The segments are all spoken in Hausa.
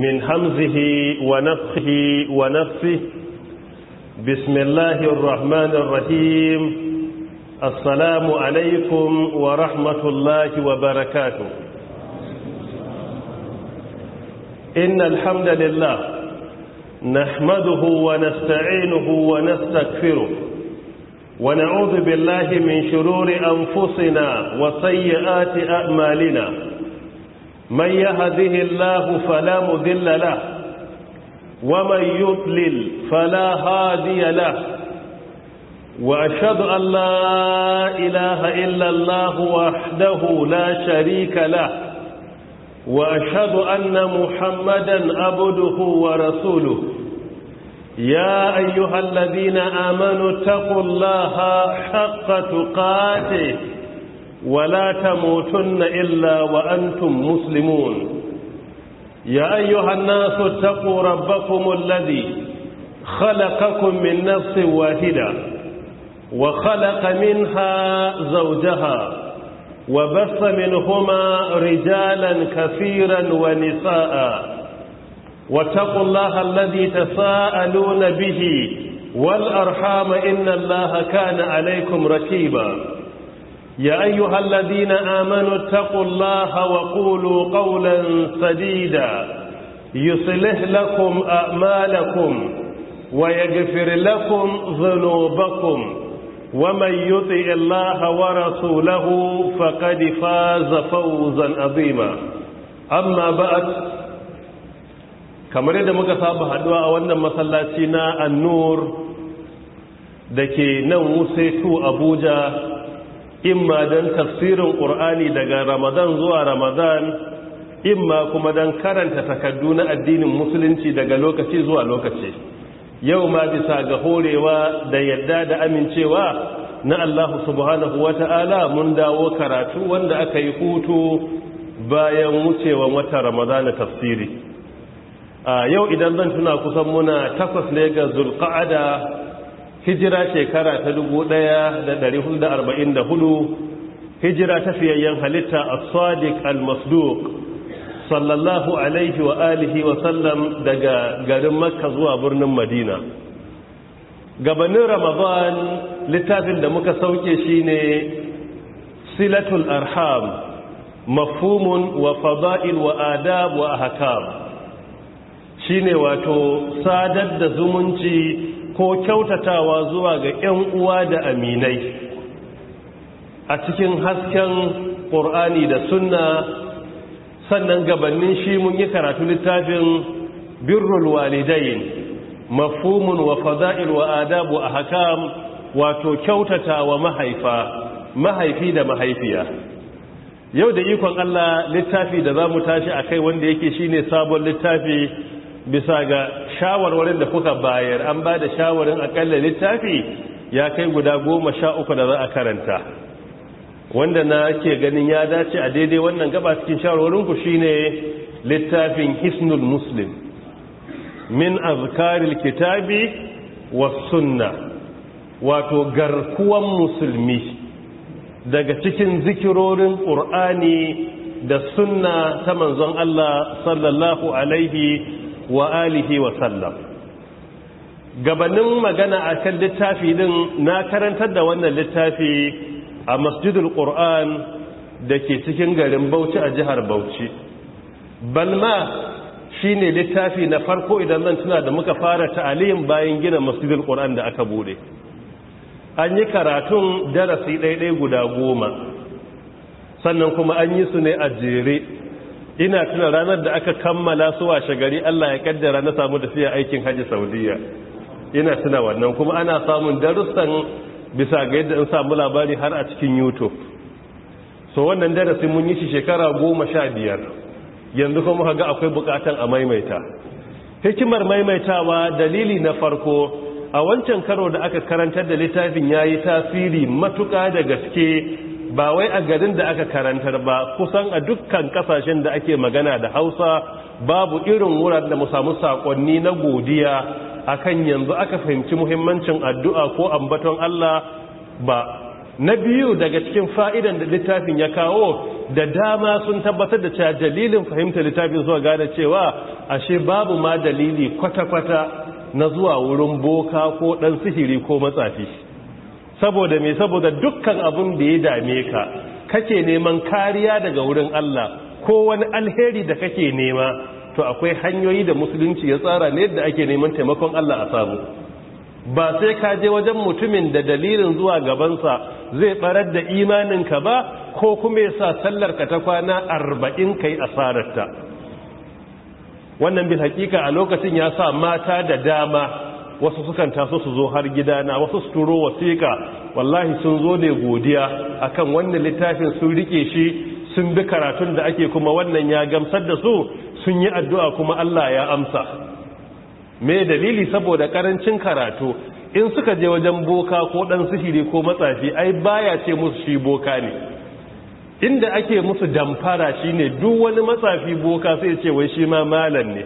من همزه ونفخه ونفسه بسم الله الرحمن الرحيم السلام عليكم ورحمة الله وبركاته إن الحمد لله نحمده ونستعينه ونستكفره ونعوذ بالله من شرور أنفسنا وسيئات أعمالنا من يهده الله فلا مذل له ومن يضلل فلا هادي له وأشهد أن لا إله إلا الله وحده لا شريك له وأشهد أن محمدا عبده ورسوله يا أيها الذين آمنوا اتقوا الله حق تقاته ولا تموتن إلا وأنتم مسلمون يا أيها الناس اتقوا ربكم الذي خلقكم من نفس واحدة وخلق منها زوجها وبث منهما رجالا كثيرا ونساء واتقوا الله الذي تساءلون به والأرحام إن الله كان عليكم ركيباً يا أيها الذين آمنوا اتقوا الله وقولوا قولا سديدا يصلح لكم أعمالكم ويغفر لكم ذنوبكم ومن يطع الله ورسوله فقد فاز فوزا عظيما أما بعد كما yadda مكة saba haduwa وأنما wannan النور na نوسي تو أبوجا imma don tafsirin ƙur'ani daga ramadan zuwa ramadan imma kuma don karanta takardu na addinin musulunci daga lokaci zuwa lokaci yau ma bisa ga horewa da yadda da amincewa na Allahu subhanahu wa ta'ala mun dawo karatu wanda aka yi hutu bayan wucewa wata ramadana tafsiri a yau idan zan tuna kusan muna takwas ne ga zulqa'ada hijira shekara ta 1444 hijira ta fiyayyen halitta a sadiq al masduk sallallahu alaihi wa alihi wa sallam daga garin makka zuwa birnin madina gabanin ramadan littafin da muka sauke ne silatul arham mafhumun wa fada'il wa adab wa ahkam shine wato sadar da zumunci ko kyautatawa zuwa ga 'yan uwa da aminai a cikin hasken ƙur'ani da sunna sannan gabanin shi mun yi karatu littafin birrul walidai mafhumun wa wa adabu a hakam wato kyautatawa mahaifa mahaifi da mahaifiya yau da ikon Allah littafi da za mu tashi a kai wanda yake shine sabon littafi bisa ga shawarwarin da kuka bayar an ba da shawarin akalla littafi ya kai guda goma sha uku da za a karanta wanda na ke ganin ya dace a daidai wannan gaba cikin shawarwarinku shine littafin hisnul muslim min azkaril kitabi wa sunna wato garkuwan musulmi daga cikin zikirorin ƙur'ani da sunna ta manzon Allah sallallahu alaihi wa alihi wa sallam gabanin magana a kan littafi din na karantar da wannan littafi a masjidul qur'an da ke cikin garin bauchi a jihar bauchi balma shine littafi na farko idan zan tuna da muka fara ta'alim bayan gina masjidul qur'an da aka bude an yi karatun darasi ɗaiɗai guda goma sannan kuma an yi su ne a jere ina tuna ranar da aka kammala su washe gari Allah ya kaddara na samu da tafiya aikin Hajji saudiya ina tuna wannan kuma ana samun darussan bisa ga yadda in samu labari har a cikin youtube so wannan darasin mun yi shi shekara goma sha biyar yanzu kuma ka ga akwai bukatan a maimaita hikimar maimaitawa dalili na farko a wancan karo da aka karantar da littafin ya yi tasiri matuka da gaske ba wai a garin da aka karantar ba kusan a dukkan kasashen da ake magana da hausa babu irin wurar da mu samu sakonni na godiya akan yanzu aka fahimci muhimmancin addu'a ko ambaton Allah ba na biyu daga cikin fa'idan da littafin ya kawo da dama sun tabbatar da cewa dalilin fahimta littafin zuwa gane cewa ashe babu ma dalili kwata-kwata na zuwa wurin boka ko ɗan sihiri ko matsafi saboda mai saboda dukkan abin da ya dame ka kake neman kariya daga wurin Allah ko wani alheri da kake nema to akwai hanyoyi da musulunci ya tsara ne yadda ake neman taimakon Allah a samu ba sai ka je wajen mutumin da dalilin zuwa gabansa zai barar da imaninka ba ko kuma ya sa ka ta kwana arba'in kai asararta wannan bil hakika a lokacin ya sa mata da dama wasu sukan taso su zo har gidana wasu su turo wasiƙa wallahi sun zo ne godiya akan wannan littafin sun rike shi sun bi karatun da ake kuma wannan ya gamsar da su sun yi addu'a kuma Allah ya amsa me dalili saboda karancin karatu in suka je wajen boka ko dan sihiri ko matsafi ai baya ce musu shi boka ne inda ake musu damfara shine duk wani matsafi boka sai ya ce wai shi ma malam ne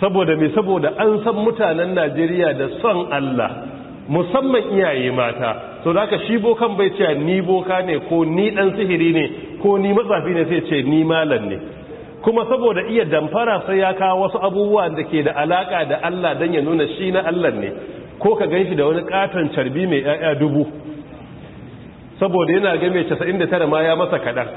saboda mai saboda an san mutanen najeriya da son allah musamman iyaye mata so da aka shi bokan bai cewa ni boka ne ko ni dan sihiri ne ko ni matsafi ne sai ce ni malam ne kuma saboda iya damfara sai ya kawo wasu abubuwa da ke da alaka da allah dan ya nuna shi na allah ne ko ka gan shi da wani katon carbi mai 'ya'ya dubu saboda yana ga mai tara ma ya masa kaɗan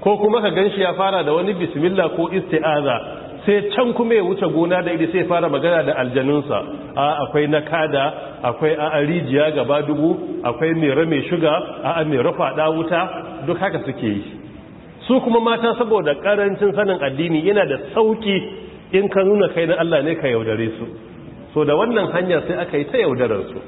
ko kuma ka gan shi ya fara da wani bismillah ko isti'aza sai can kuma ya wuce gona da iri sai fara magana da aljanunsa a akwai na kada akwai a rijiya gaba dubu akwai mai mai shuga a mai rafa da wuta duk haka suke yi su kuma mata saboda karancin sanin addini yana da sauki in ka nuna kai na Allah ne ka yaudare su so da wannan hanyar sai aka yi ta yaudarar su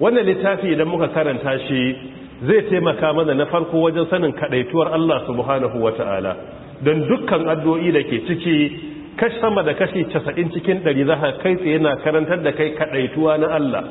wannan littafi idan muka karanta shi zai taimaka mana na farko wajen sanin kadaituwar Allah subhanahu wataala don dukkan addu'o'i da ke ciki kashi sama da kashi casa'in cikin ɗari za ka kai tsaye na karantar da kai kaɗaituwa na Allah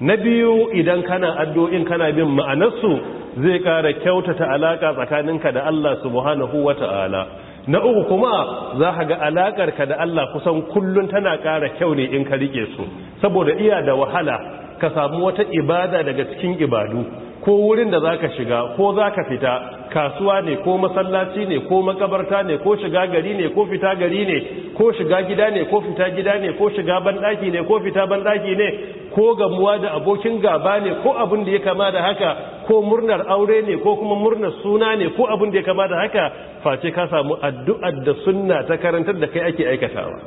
na biyu idan kana addu'o'in kana bin ma'anarsu zai ƙara kyautata alaƙa tsakaninka da Allah subhanahu wa ta'ala na uku kuma za ka ga alaƙarka da Allah kusan kullum tana ƙara kyau ne in ka riƙe su saboda iya da wahala ka samu wata ibada daga cikin ibadu ko wurin da zaka shiga ko zaka fita kasuwa ne ko masallaci ne ko makabarta ne ko shiga gari ne ko fita gari ne ko shiga gida ne ko fita gida ne ko shiga bandaki ne ko fita bandaki ne ko gamuwa da abokin gaba ne ko abin da ya kama da haka ko murnar aure ne ko kuma murnar suna ne ko abin da ya kama da haka face ka samu addu'ar da sunna ta karantar da kai ake aikatawa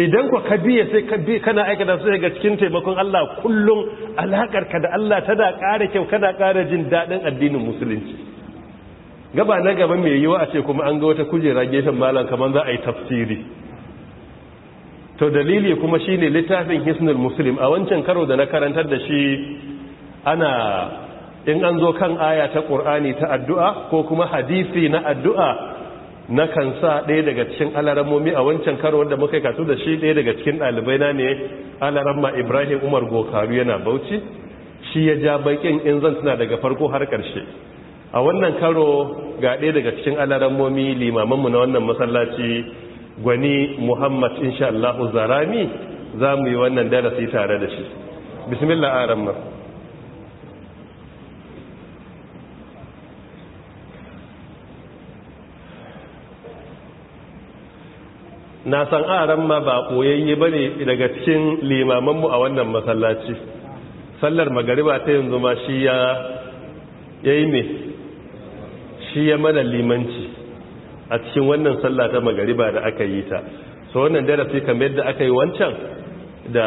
idan ku ka biya sai ka bi kana aikata sai ga cikin taimakon Allah kullum alaƙarka da Allah tana ƙara kyau kana ƙara jin daɗin addinin musulunci gaba na gaba mai yiwa a ce kuma an ga wata kujera gefen malam kamar za a yi tafsiri to dalili kuma shine littafin hisnul muslim a wancan karo da na karantar da shi ana in an zo kan aya ta ƙur'ani ta addu'a ko kuma hadisi na addu'a na kan sa ɗaya daga cikin alaramomi a wancan karo wanda muka yi kasu da shi ɗaya daga cikin ɗalibai na ne alaramma ibrahim umar gokaru yana bauchi shi ya ja bakin in zan tuna daga farko har ƙarshe a wannan karo ga ɗaya daga cikin alaramomi limamanmu na wannan masallaci gwani muhammad insha allahu zarami za mu yi wannan darasi tare da shi bismillah aramma na san aran ma ba koyayye ba ne daga cikin limamanmu a wannan masallaci sallar magariba ta yanzu ma shi ya yi ne shi ya mana limanci a cikin wannan sallah ta magariba da aka yi ta so wannan darasi kamar yadda aka yi wancan da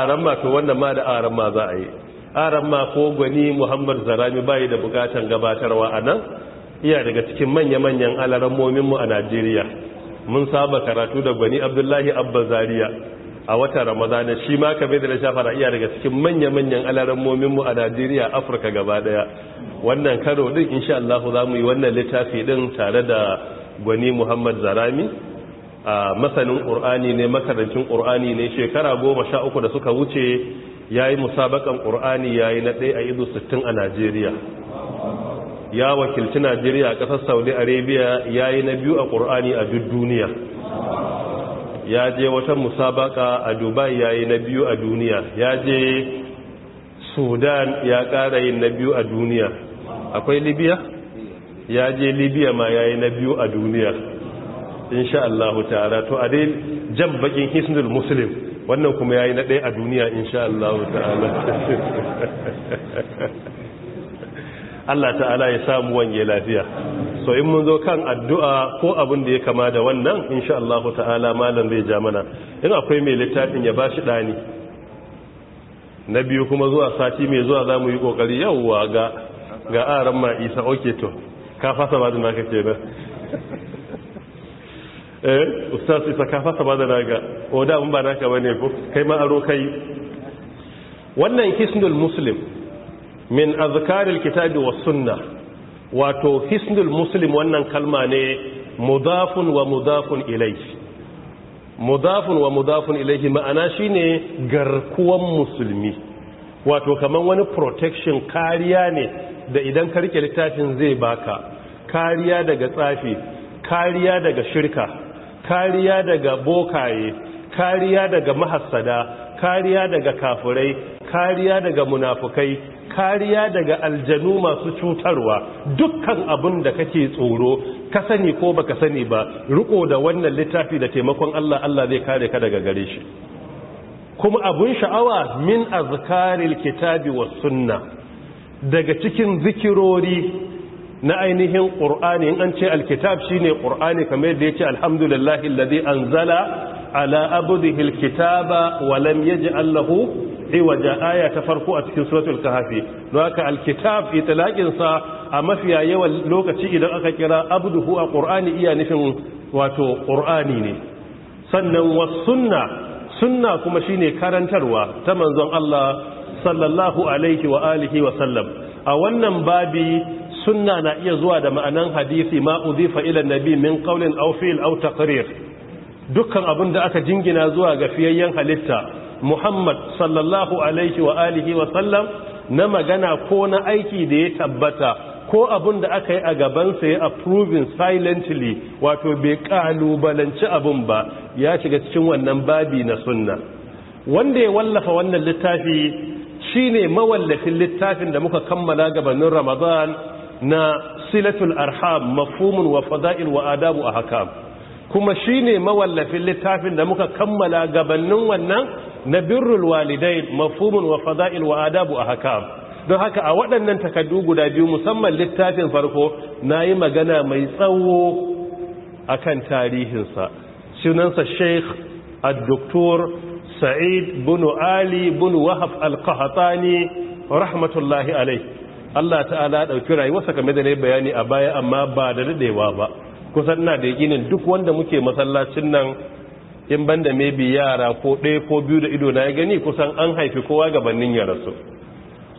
aran ma to wannan ma da aran ma za a yi aran ma ko gwani muhammad zarami bayi da bukatan gabatarwa a nan iya daga cikin manya-manyan alarammominmu a najeriya mun saba karatu da gwani abdullahi abba zaria a wata ramadana shi ma ka bai da shafa na iya daga cikin manya-manyan alarammominmu a najeriya afirka gaba daya wannan karo din insha Allah za mu yi wannan littafi din tare da gwani muhammad zarami a masanin ƙur'ani ne makarancin ƙur'ani ne shekara goma sha uku da suka wuce ya yi musabakan ƙur'ani ya yi na ɗaya a idu sittin a najeriya ya wakilci najeriya a ƙasar saudi arabia ya yi na biyu a ƙur'ani a duk duniya ya je wata musabaka a dubai ya yi na biyu a duniya ya je sudan ya ƙara yin na biyu a duniya akwai libya ya je libya ma ya yi na biyu a duniya sha Allah ta'ala to a dai jan bakin hisnul muslim wannan kuma ya yi na ɗaya a duniya insha Allah ta'ala Allah ta'ala ya samu wanye lafiya so in mun zo kan addu'a ko abin da ya kama da wannan insha Allah ta'ala malam zai ja mana in akwai mai littafin ya bashi dani na biyu kuma zuwa sati mai zuwa za mu yi kokari yawwa ga ga aran ma isa oke to ka fasa ba da kake ke eh ustaz isa ka fasa ba da ga o da mun ba naka bane kai ma kai wannan kisnul muslim min azkaril kitabi wa sunna wato hisnul muslim wannan kalma ne mudafun wa mudafun ilayhi mudafun wa mudafun ilayhi ma'ana shine garkuwan musulmi wato kaman wani protection kariya ne da idan ka rike littafin zai baka kariya daga tsafi kariya daga shirka kariya daga bokaye kariya daga mahassada kariya daga kafurai kariya daga munafukai kariya daga aljanu masu cutarwa dukkan abin da kake tsoro ka sani ko baka sani ba riko da wannan littafi da taimakon Allah Allah zai kare ka daga gare shi kuma abun sha'awa min azkaril kitabi was sunna daga cikin zikirori na ainihin qur'ani in an ce alkitab shine qur'ani kamar yadda yace alhamdulillahi alladhi anzala ala abdihi alkitaba wa lam yaj'al lahu iwaja aya ta farko a cikin suratul kahfi don haka alkitab itlaqin sa a mafiya yawan lokaci idan aka kira abduhu a qur'ani iya nufin wato qur'ani ne sannan was sunna sunna kuma shine karantarwa ta manzon Allah sallallahu alaihi wa alihi wa sallam a wannan babi sunna na iya zuwa da ma'anan hadisi ma uzifa ila nabi min qawlin aufil au taqrir dukkan abin da aka jingina zuwa ga fiyayyen halitta Muhammad sallallahu alaihi wa alihi wa sallam na magana ko na aiki da ya tabbata ko abun da aka yi a gabansa ya approving silently wato bai kalubalanci abin ba ya shiga cikin wannan babi na sunna wanda ya wallafa wannan littafi shine mawallafin littafin da muka kammala gabanin ramadan na silatul arham mafhumun wa fada'il wa adabu ahkam kuma shine mawallafin littafin da muka kammala gabanin wannan na birrul walidai mafhumun wa fada'il wa adabu ahkam don haka a waɗannan takaddu guda biyu musamman littafin farko nayi magana mai tsawo akan tarihinsa sunansa Sheikh Ad-Doktor Sa'id bin Ali bin Wahab Al-Qahtani rahmatullahi alayh Allah ta'ala dauki rayuwarsa kamar da ne bayani a baya amma ba da dadewa ba kusan ina da yakinin duk wanda muke masallacin nan in banda maybe yara ko ɗaya ko biyu da ido na ya gani kusan an haifi kowa gabanin ya rasu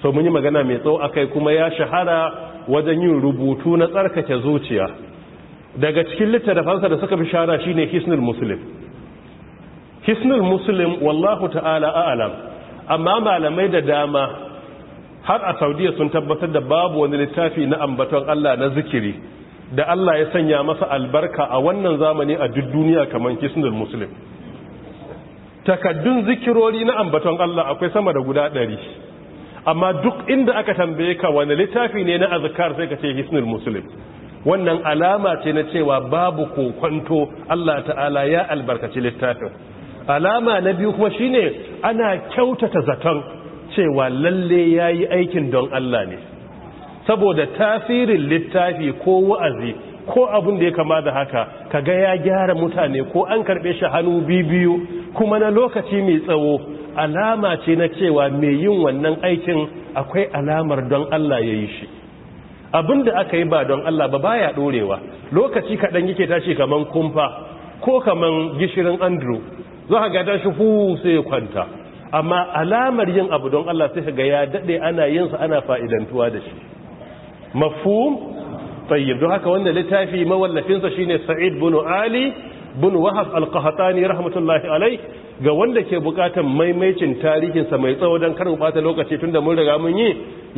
so mun yi magana mai tsawo kai kuma ya shahara wajen yin rubutu na tsarkake zuciya daga cikin littattafansa da suka fi shi shine hisnul muslim hisnul muslim wallahu ta'ala a'lam amma malamai da dama har a saudiya sun tabbatar da babu wani littafi na ambaton Allah na zikiri da Allah ya sanya masa albarka a wannan zamani a duk duniya kamar kisnul muslim takaddun zikirori na ambaton Allah akwai sama da guda ɗari amma duk inda aka tambaye ka wani littafi ne na azkar sai ka ce hisnul muslim wannan alama ce na cewa babu kokonto Allah ta'ala ya albarkaci littafin alama na biyu kuma shine ana kyautata zaton cewa lalle yayi aikin don Allah ne saboda tasirin littafi ko wa'azi ko abin da ya kama da haka kaga ya gyara mutane ko an karbe shi hannu biyu kuma na lokaci mai tsawo alama ce na cewa mai yin wannan aikin akwai alamar don Allah ya yi shi abin da aka yi ba don Allah ba baya ɗorewa. lokaci kaɗan yake tashi kamar kumfa ko kamar gishirin andrew za ka gada shi hu sai kwanta amma alamar yin abu don Allah sai ka ga ya daɗe ana yinsa ana fa'idantuwa da shi mafhum tayyib don haka wannan littafi mawallafinsa shine sa'id bin ali bin wahab al-qahtani rahmatullahi alayh ga wanda ke bukatan maimaicin tarihinsa mai tsawo don karin bata lokaci tunda mun riga mun yi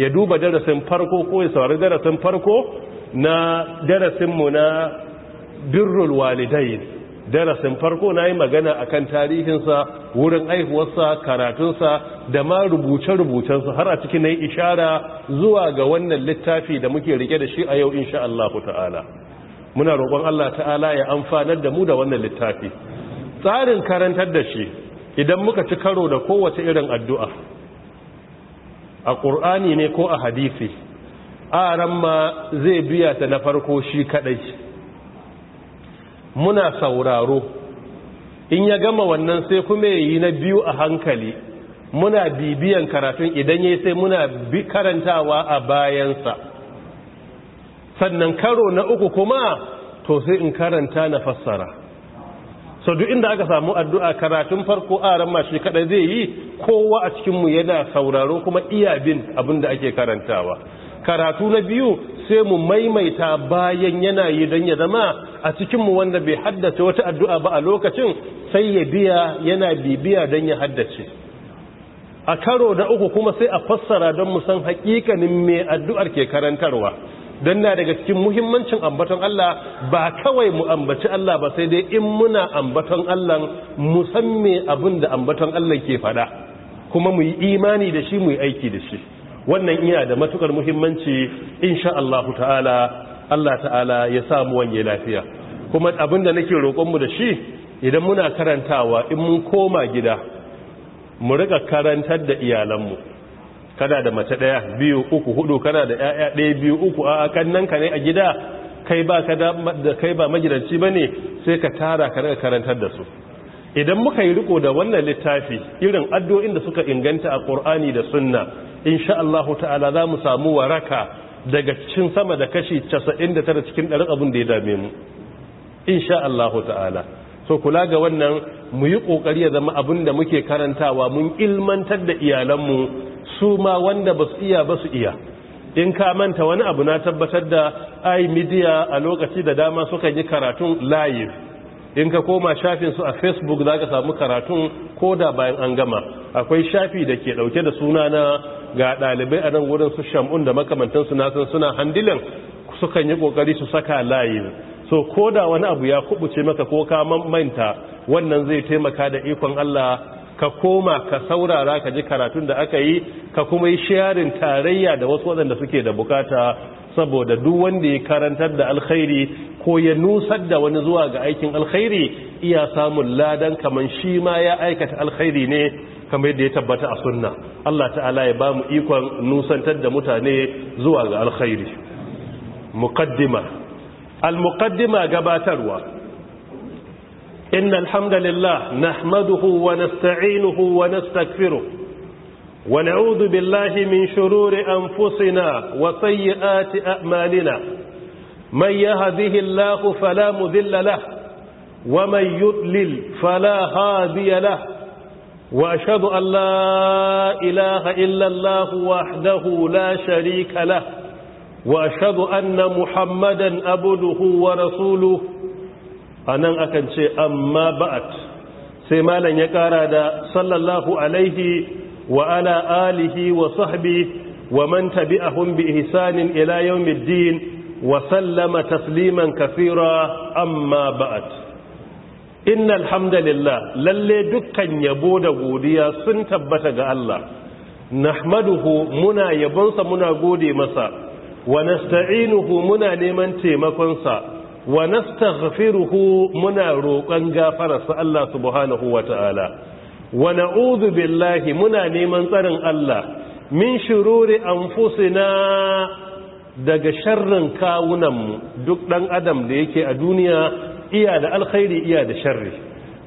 ya duba darasin farko ko ya saurari darasin farko na darasin mu na birrul walidain darasin farko na yi magana a kan tarihinsa wurin aihuwarsa karatunsa da ma rubuce-rubucensa har a cikin na yi ishara zuwa ga wannan littafi da muke rike da shi a yau insha Allah ta'ala muna roƙon Allah ta'ala ya amfanar da mu da wannan littafi tsarin karantar da shi idan muka ci karo da kowace irin addu'a a ƙur'ani ne ko a hadisi aran ma zai biya ta na farko shi kaɗai muna sauraro in ya gama wannan sai kuma yi na biyu a hankali muna bibiyan karatun idan ya sai muna bi karantawa a bayansa sannan karo na uku kuma to sai in karanta na fassara so duk inda aka samu addu'a karatun farko a ramma shi kada zai yi kowa a cikinmu yana sauraro kuma iya bin abin da ake karantawa karatu na biyu sai mu maimaita bayan yana yi don ya zama a cikinmu wanda bai haddace wata addu'a ba a lokacin sai ya biya yana bibiya don ya haddace a karo da uku kuma sai a fassara don mu san hakikanin mai addu'ar ke karantarwa don na daga cikin muhimmancin ambaton Allah ba kawai mu ambaci Allah ba sai dai in muna ambaton Allah musamman abin da ambaton Allah ke fada kuma mu yi imani da shi mu yi aiki da shi wannan iya da matukar muhimmanci insha Allah ta'ala Allah ta'ala ya samu wanye lafiya kuma abin da nake roƙon mu da shi idan muna karantawa in mun koma gida mu rika karantar da iyalanmu kada da mace daya biyu uku hudu kada da yaya daya biyu uku a kannan ka ne a gida kai ba ka da kai ba magidanci bane sai ka tara ka rika karantar da su idan muka yi riko da wannan littafi irin addu'o'in da suka inganta a Qur'ani da Sunna insha Allah ta'ala za mu samu waraka daga cikin sama da kashi 99 cikin ɗari abin da ya dame mu insha Allah ta'ala so kula ga wannan mu yi ƙoƙari ya zama abin da muke karantawa mun ilmantar da iyalanmu su ma wanda ba su iya ba su iya in ka manta wani abu na tabbatar da ai midiya a lokaci da dama suka yi karatun live in ka koma shafin su a facebook za ka samu karatun ko da bayan an gama akwai shafi da ke ɗauke da suna na ga ɗalibai a nan wurin su shamun da makamantansu nasan suna handilan sukan yi ƙoƙari su saka layi. so ko da wani abu ya kubuce maka ko ka manta wannan zai taimaka da ikon Allah ka koma ka saurara ka ji karatun da aka yi ka kuma yi sharin tarayya da wasu waɗanda suke da bukata saboda duk wanda ya karantar da alkhairi ko ya nusar da wani zuwa ga aikin alkhairi iya samun ladan kaman shi ma ya aikata alkhairi ne kamar yadda ya tabbata a sunna Allah ta'ala ya ba mu ikon nusantar da mutane zuwa ga alkhairi muqaddima almuqaddima gabatarwa innal hamdalillah nahmaduhu wa nasta'inuhu wa nastaghfiruh wa na'udhu billahi min shururi anfusina wa sayyiati a'malina man yahdihillahu fala mudilla lahu wa man yudlil fala hadiya lahu واشهد ان لا اله الا الله وحده لا شريك له واشهد ان محمدا عبده ورسوله anan akan ce amma ba'at sai malam ya kara da sallallahu alaihi wa ala alihi wa sahbi wa man a bi ihsanin ila yawmiddin wa sallama tasliman kaseera amma ba'at Inna alhamdulillah lalle dukkan yabo da godiya sun tabbata ga Allah nahmaduhu muna yabonsa muna gode masa wa nasta'inuhu muna neman taimakon sa wa nastaghfiruhu muna roƙon gafararsa Allah subhanahu wata'ala wa na'udhu billahi muna neman tsarin Allah min shururi anfusina daga sharrin kawunanmu duk dan adam da yake a duniya iya da alkhairi iya da sharri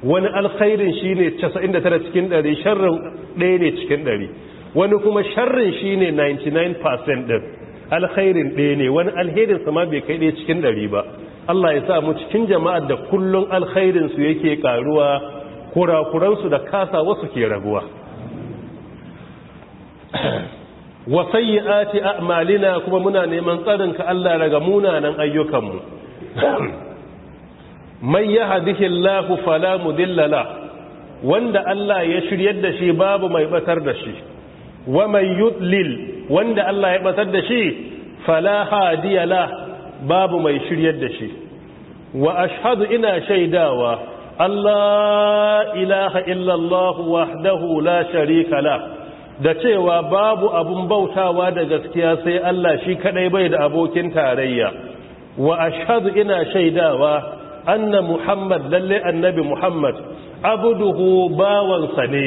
wani alkhairin shine 99 cikin 100 sharrin ɗaya ne cikin 100 wani kuma sharrin shine 99% din alkhairin ɗaya ne wani alherin sama bai kai ɗaya cikin 100 ba Allah ya sa mu cikin jama'ar da kullun kullum su yake karuwa kurakuran su da kasa wasu ke rabuwa raguwa sayyi'ati a'malina kuma muna neman tsarin ka Allah daga munanan ayyukanmu man yahdihillahu fala mudillala la wanda Allah ya shiryar da shi babu mai batar da shi wa man yudlil wanda Allah ya batar da shi fala hadiya la babu mai shiryar da shi wa ashhadu ina shaidawa Allah ilaha illallah wahdahu la sharika la da cewa babu abun bautawa da gaskiya sai Allah shi kadai bai da abokin tarayya wa ashhadu ina shaidawa anna muhammad lalle annabi muhammad abuduhu bawansa ne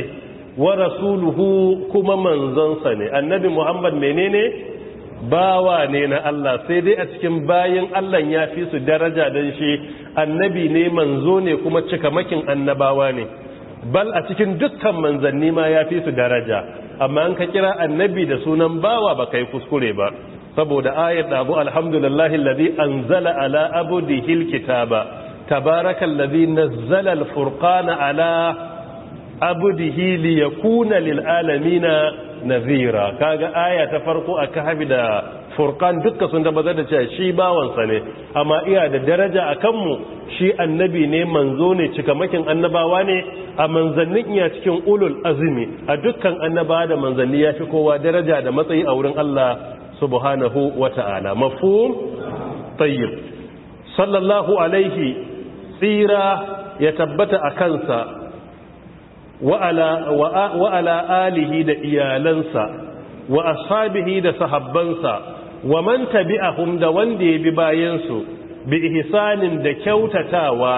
wa rasuluhu kuma manzansa ne annabi muhammad menene bawa ne na Allah sai dai a cikin bayin Allah ya fi su daraja don shi annabi ne manzo ne kuma cikamakin annabawa ne bal a cikin dukkan manzanni ma ya fi su daraja amma an ka kira annabi da sunan bawa ba kai kuskure ba saboda ayat da abu alhamdulillahi an anzala ala hilkita ba. تبارك الذي نزل الفرقان على عبده ليكون للعالمين نذيرا kaga aya ta farko a kahfi da furqan dukkan sun tabbatar da cewa shi bawansa ne amma iya da daraja a kanmu shi annabi ne manzo ne cikamakin annabawa ne a manzannin iya cikin ulul azumi a dukkan annaba da manzanni ya fi kowa daraja da matsayi a wurin Allah subhanahu wata'ala mafhum tayyib sallallahu alaihi tsira ya tabbata a kansa wa'ala alihi da iyalansa wa ashabihi da sahabbansa wa man tabi'ahum da wanda ya bi bayansu bi ihsanin da kyautatawa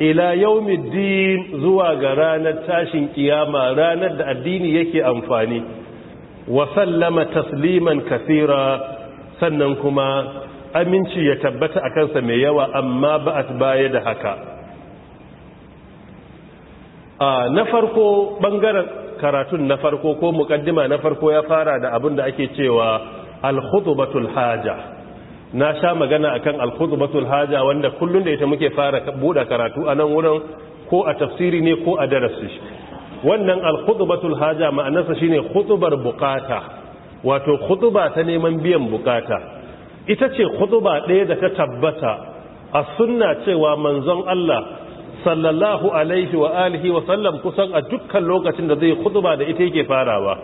ila din zuwa ga ranar tashin kiyama ranar da addini yake amfani wa sallama tasliman kasira sannan kuma aminci ya tabbata a kansa mai yawa amma a baya da haka a na farko bangaren karatun na farko ko mukaddima na farko ya fara da abin da ake cewa al haja na sha magana akan al haja wanda kullun da ita muke fara buɗe karatu a nan wurin ko a tafsiri ne ko a darasi wannan al haja ma'anarsa shine khutubar bukata wato khutuba ta neman biyan bukata ita ce khutuba ɗaya da ta tabbata a sunna cewa manzon Allah sallallahu alaihi wa alihi wa sallam kusan a dukkan lokacin da zai khutuba da ita yake farawa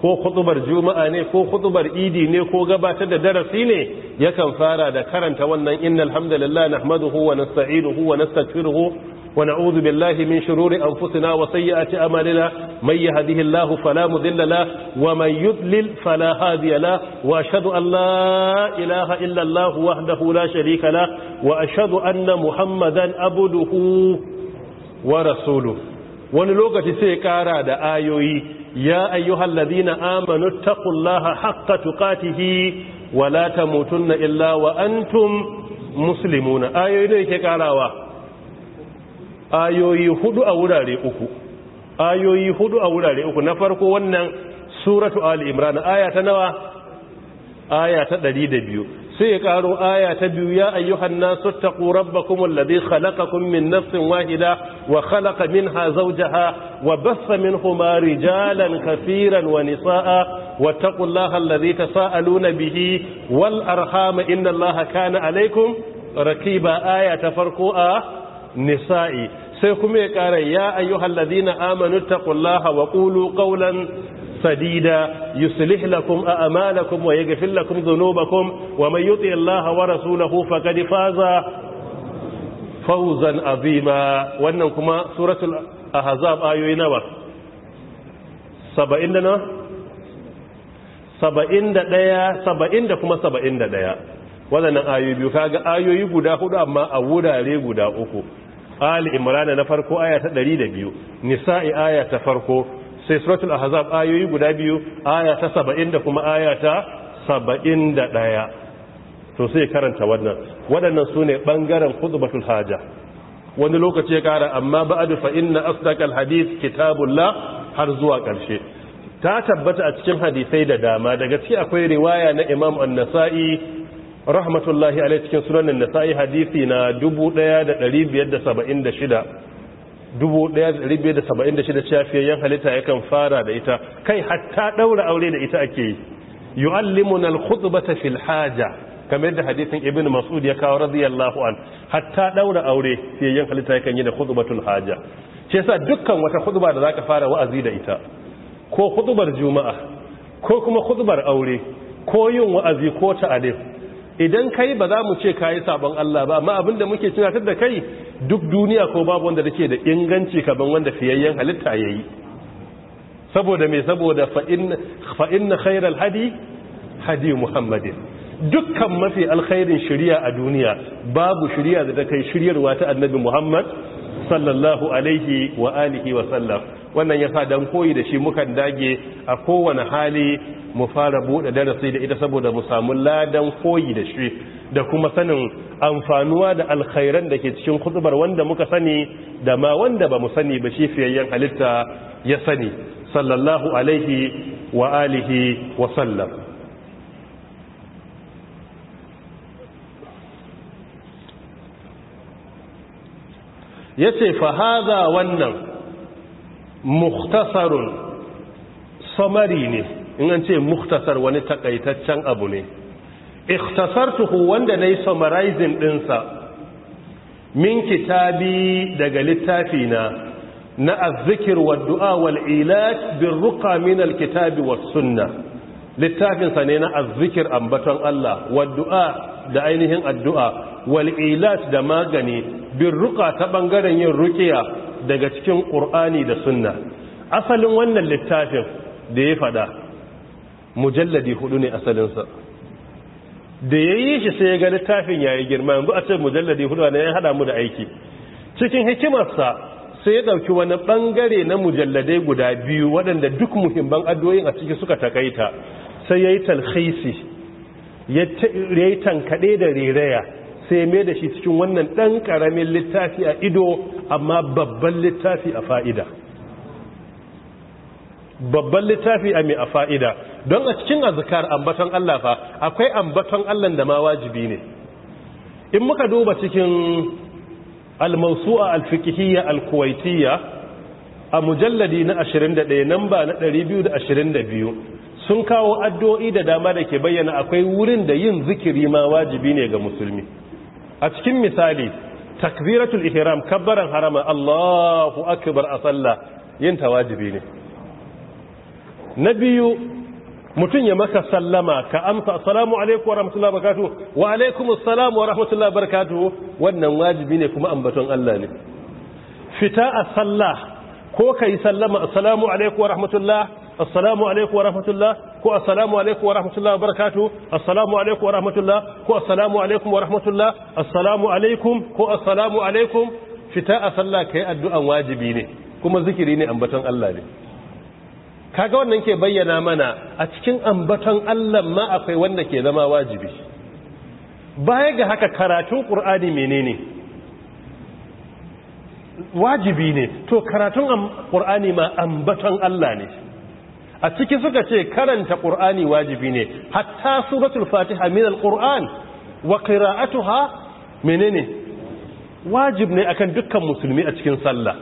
ko khutubar juma'a ne ko khutubar idi ne ko gabatar da darasi ne yakan fara da karanta wannan innal hamdalillah nahmaduhu wa nasta'inuhu wa nastaghfiruhu ونعوذ بالله من شرور أنفسنا وسيئات أمالنا من يهده الله فلا مذل له ومن يضلل فلا هادي له وأشهد أن لا إله إلا الله وحده لا شريك له وأشهد أن محمدا أبده ورسوله ونلوغة سيكارا دا آيوي يا أيها الذين آمنوا اتقوا الله حق تقاته ولا تموتن إلا وأنتم مسلمون آيوي دا يكاراوا ayoyi hudu a wurare uku ayoyi hudu a wurare uku na farko wannan suratu ali imran aya ta nawa aya ta 102 sai ya karo aya ta biyu ya ayyuhan nasu taqu rabbakum alladhi khalaqakum min nafsin wahida wa khalaqa minha zawjaha wa bassa minhuma rijalan kaseeran wa nisaa واتقوا الله الذي تساءلون به والأرحام إن الله كان aya ta farko a? nisa'i sai kuma ya ƙara ya ayyuhal ladina amanu taqullaha wa qulu qawlan sadida yuslih lakum a'malakum wa yaghfir lakum dhunubakum wa may yuti Allaha wa rasulahu faqad faza fawzan azima wannan kuma suratul ahzab ayoyi nawa 70 da na ɗaya, saba'in da kuma ɗaya. waɗannan ayoyi biyu kaga ayoyi guda hudu amma a wurare guda uku ali imran na farko aya ta 102 nisa'i aya ta farko sai suratul ahzab ayoyi guda biyu aya ta 70 da kuma aya ta 71 to sai karanta wannan waɗannan sune bangaren khutbatul haja wani lokaci ya kara amma ba'du fa inna asdaqal hadith kitabullah har zuwa ƙarshe ta tabbata a cikin hadisai da dama daga ci akwai riwaya na imam an-nasa'i rahmatullahi alai cikin sunanin nasa'i hadisi na 1576 1576 ciyafiyayyen halitta yakan fara da ita kai hatta daura aure da ita ake yi yu'allimuna al-khutbata fil haja kamar da hadisin ibn mas'ud ya kawo radiyallahu an hatta daura aure fiyayyen halitta yakan yi da khutbatul haja shi yasa dukkan wata khutba da zaka fara wa'azi da ita ko khutbar juma'a ko kuma khutbar aure ko yin wa'azi ko ta'alim idan kai ba za mu ce kayi sabon Allah ba amma abinda muke tunatar da kai duk duniya ko babu wanda take da inganci kaban wanda fiyayyen halitta yayi saboda me saboda fa in fa inna khairal hadi hadi muhammadin dukkan mafi alkhairin shari'a a duniya babu shari'a da ta shiryarwa ta annabi muhammad sallallahu alaihi wa alihi wa sallam wannan yasa dan koyi da shi mukan dage a kowane hali mu fara buɗe darasi da ita saboda mu samu ladan koyi da shi da kuma sanin amfanuwa da alkhairan da ke cikin kutubar wanda muka sani da ma wanda ba mu sani ba shi fiyayyen halitta ya sani sallallahu alaihi wa alihi wa sallam ya ce fahaza wannan muktasarun samari ne in an ce muktasar wani takaitaccen abu ne ikhtasartuhu wanda nayi summarizing dinsa min kitabi daga littafi na na azzikir wa du'a wal ilaj bir ruqa min al kitabi was sunna littafin sa ne na azzikir ambaton Allah wa du'a da ainihin addu'a wal ilaj da magani bir ruqa ta bangaren yin ruqiya daga cikin qur'ani da sunna asalin wannan littafin da ya fada mujalladi hudu ne asalinsa da ya yi shi sai ya ga littafin ya yi girma yanzu a ce mujalladi hudu ne ya haɗa mu da aiki cikin hikimarsa sai ya ɗauki wani ɓangare na mujalladai guda biyu waɗanda duk muhimman addu'o'in a ciki suka takaita sai ya yi talhisi ya yi tankaɗe da reraya sai mai da shi cikin wannan ɗan ƙaramin littafi a ido amma babban littafi a fa'ida babban littafi a mai a fa'ida don a cikin azkar ambaton Allah fa akwai ambaton Allah da ma wajibi ne in muka duba cikin al-mawsu'a al-fiqhiyya al-kuwaitiyya a mujalladi na 21 namba na 222 sun kawo addu'o'i da dama da ke bayyana akwai wurin da yin zikiri ma wajibi ne ga musulmi a cikin misali takbiratul ihram kabbaran harama Allahu akbar a sallah yin ta wajibi ne na biyu mutum ya maka sallama ka amsa assalamu alaikum wa rahmatullahi barakatuhu wa alaikum assalamu wa rahmatullahi barakatuhu wannan wajibi ne kuma ambaton Allah ne fita a sallah ko kai sallama assalamu alaikum wa rahmatullahi assalamu alaikum wa rahmatullah ko assalamu alaikum wa rahmatullah barakatu assalamu alaikum wa rahmatullah ko assalamu alaikum wa rahmatullah assalamu alaikum ko assalamu alaikum fita a sallah kai addu'an wajibi ne kuma zikiri ne ambaton Allah ne kaga wannan ke bayyana mana a cikin ambaton Allah ma akwai wanda ke zama wajibi baya ga haka karatun Qur'ani menene wajibi ne to karatun Qur'ani ma ambaton Allah ne a ciki suka ce karanta Qur'ani wajibi ne hatta suratul Fatiha min alqur'an quran wa qira'atuha menene wajib ne akan dukkan musulmi a cikin sallah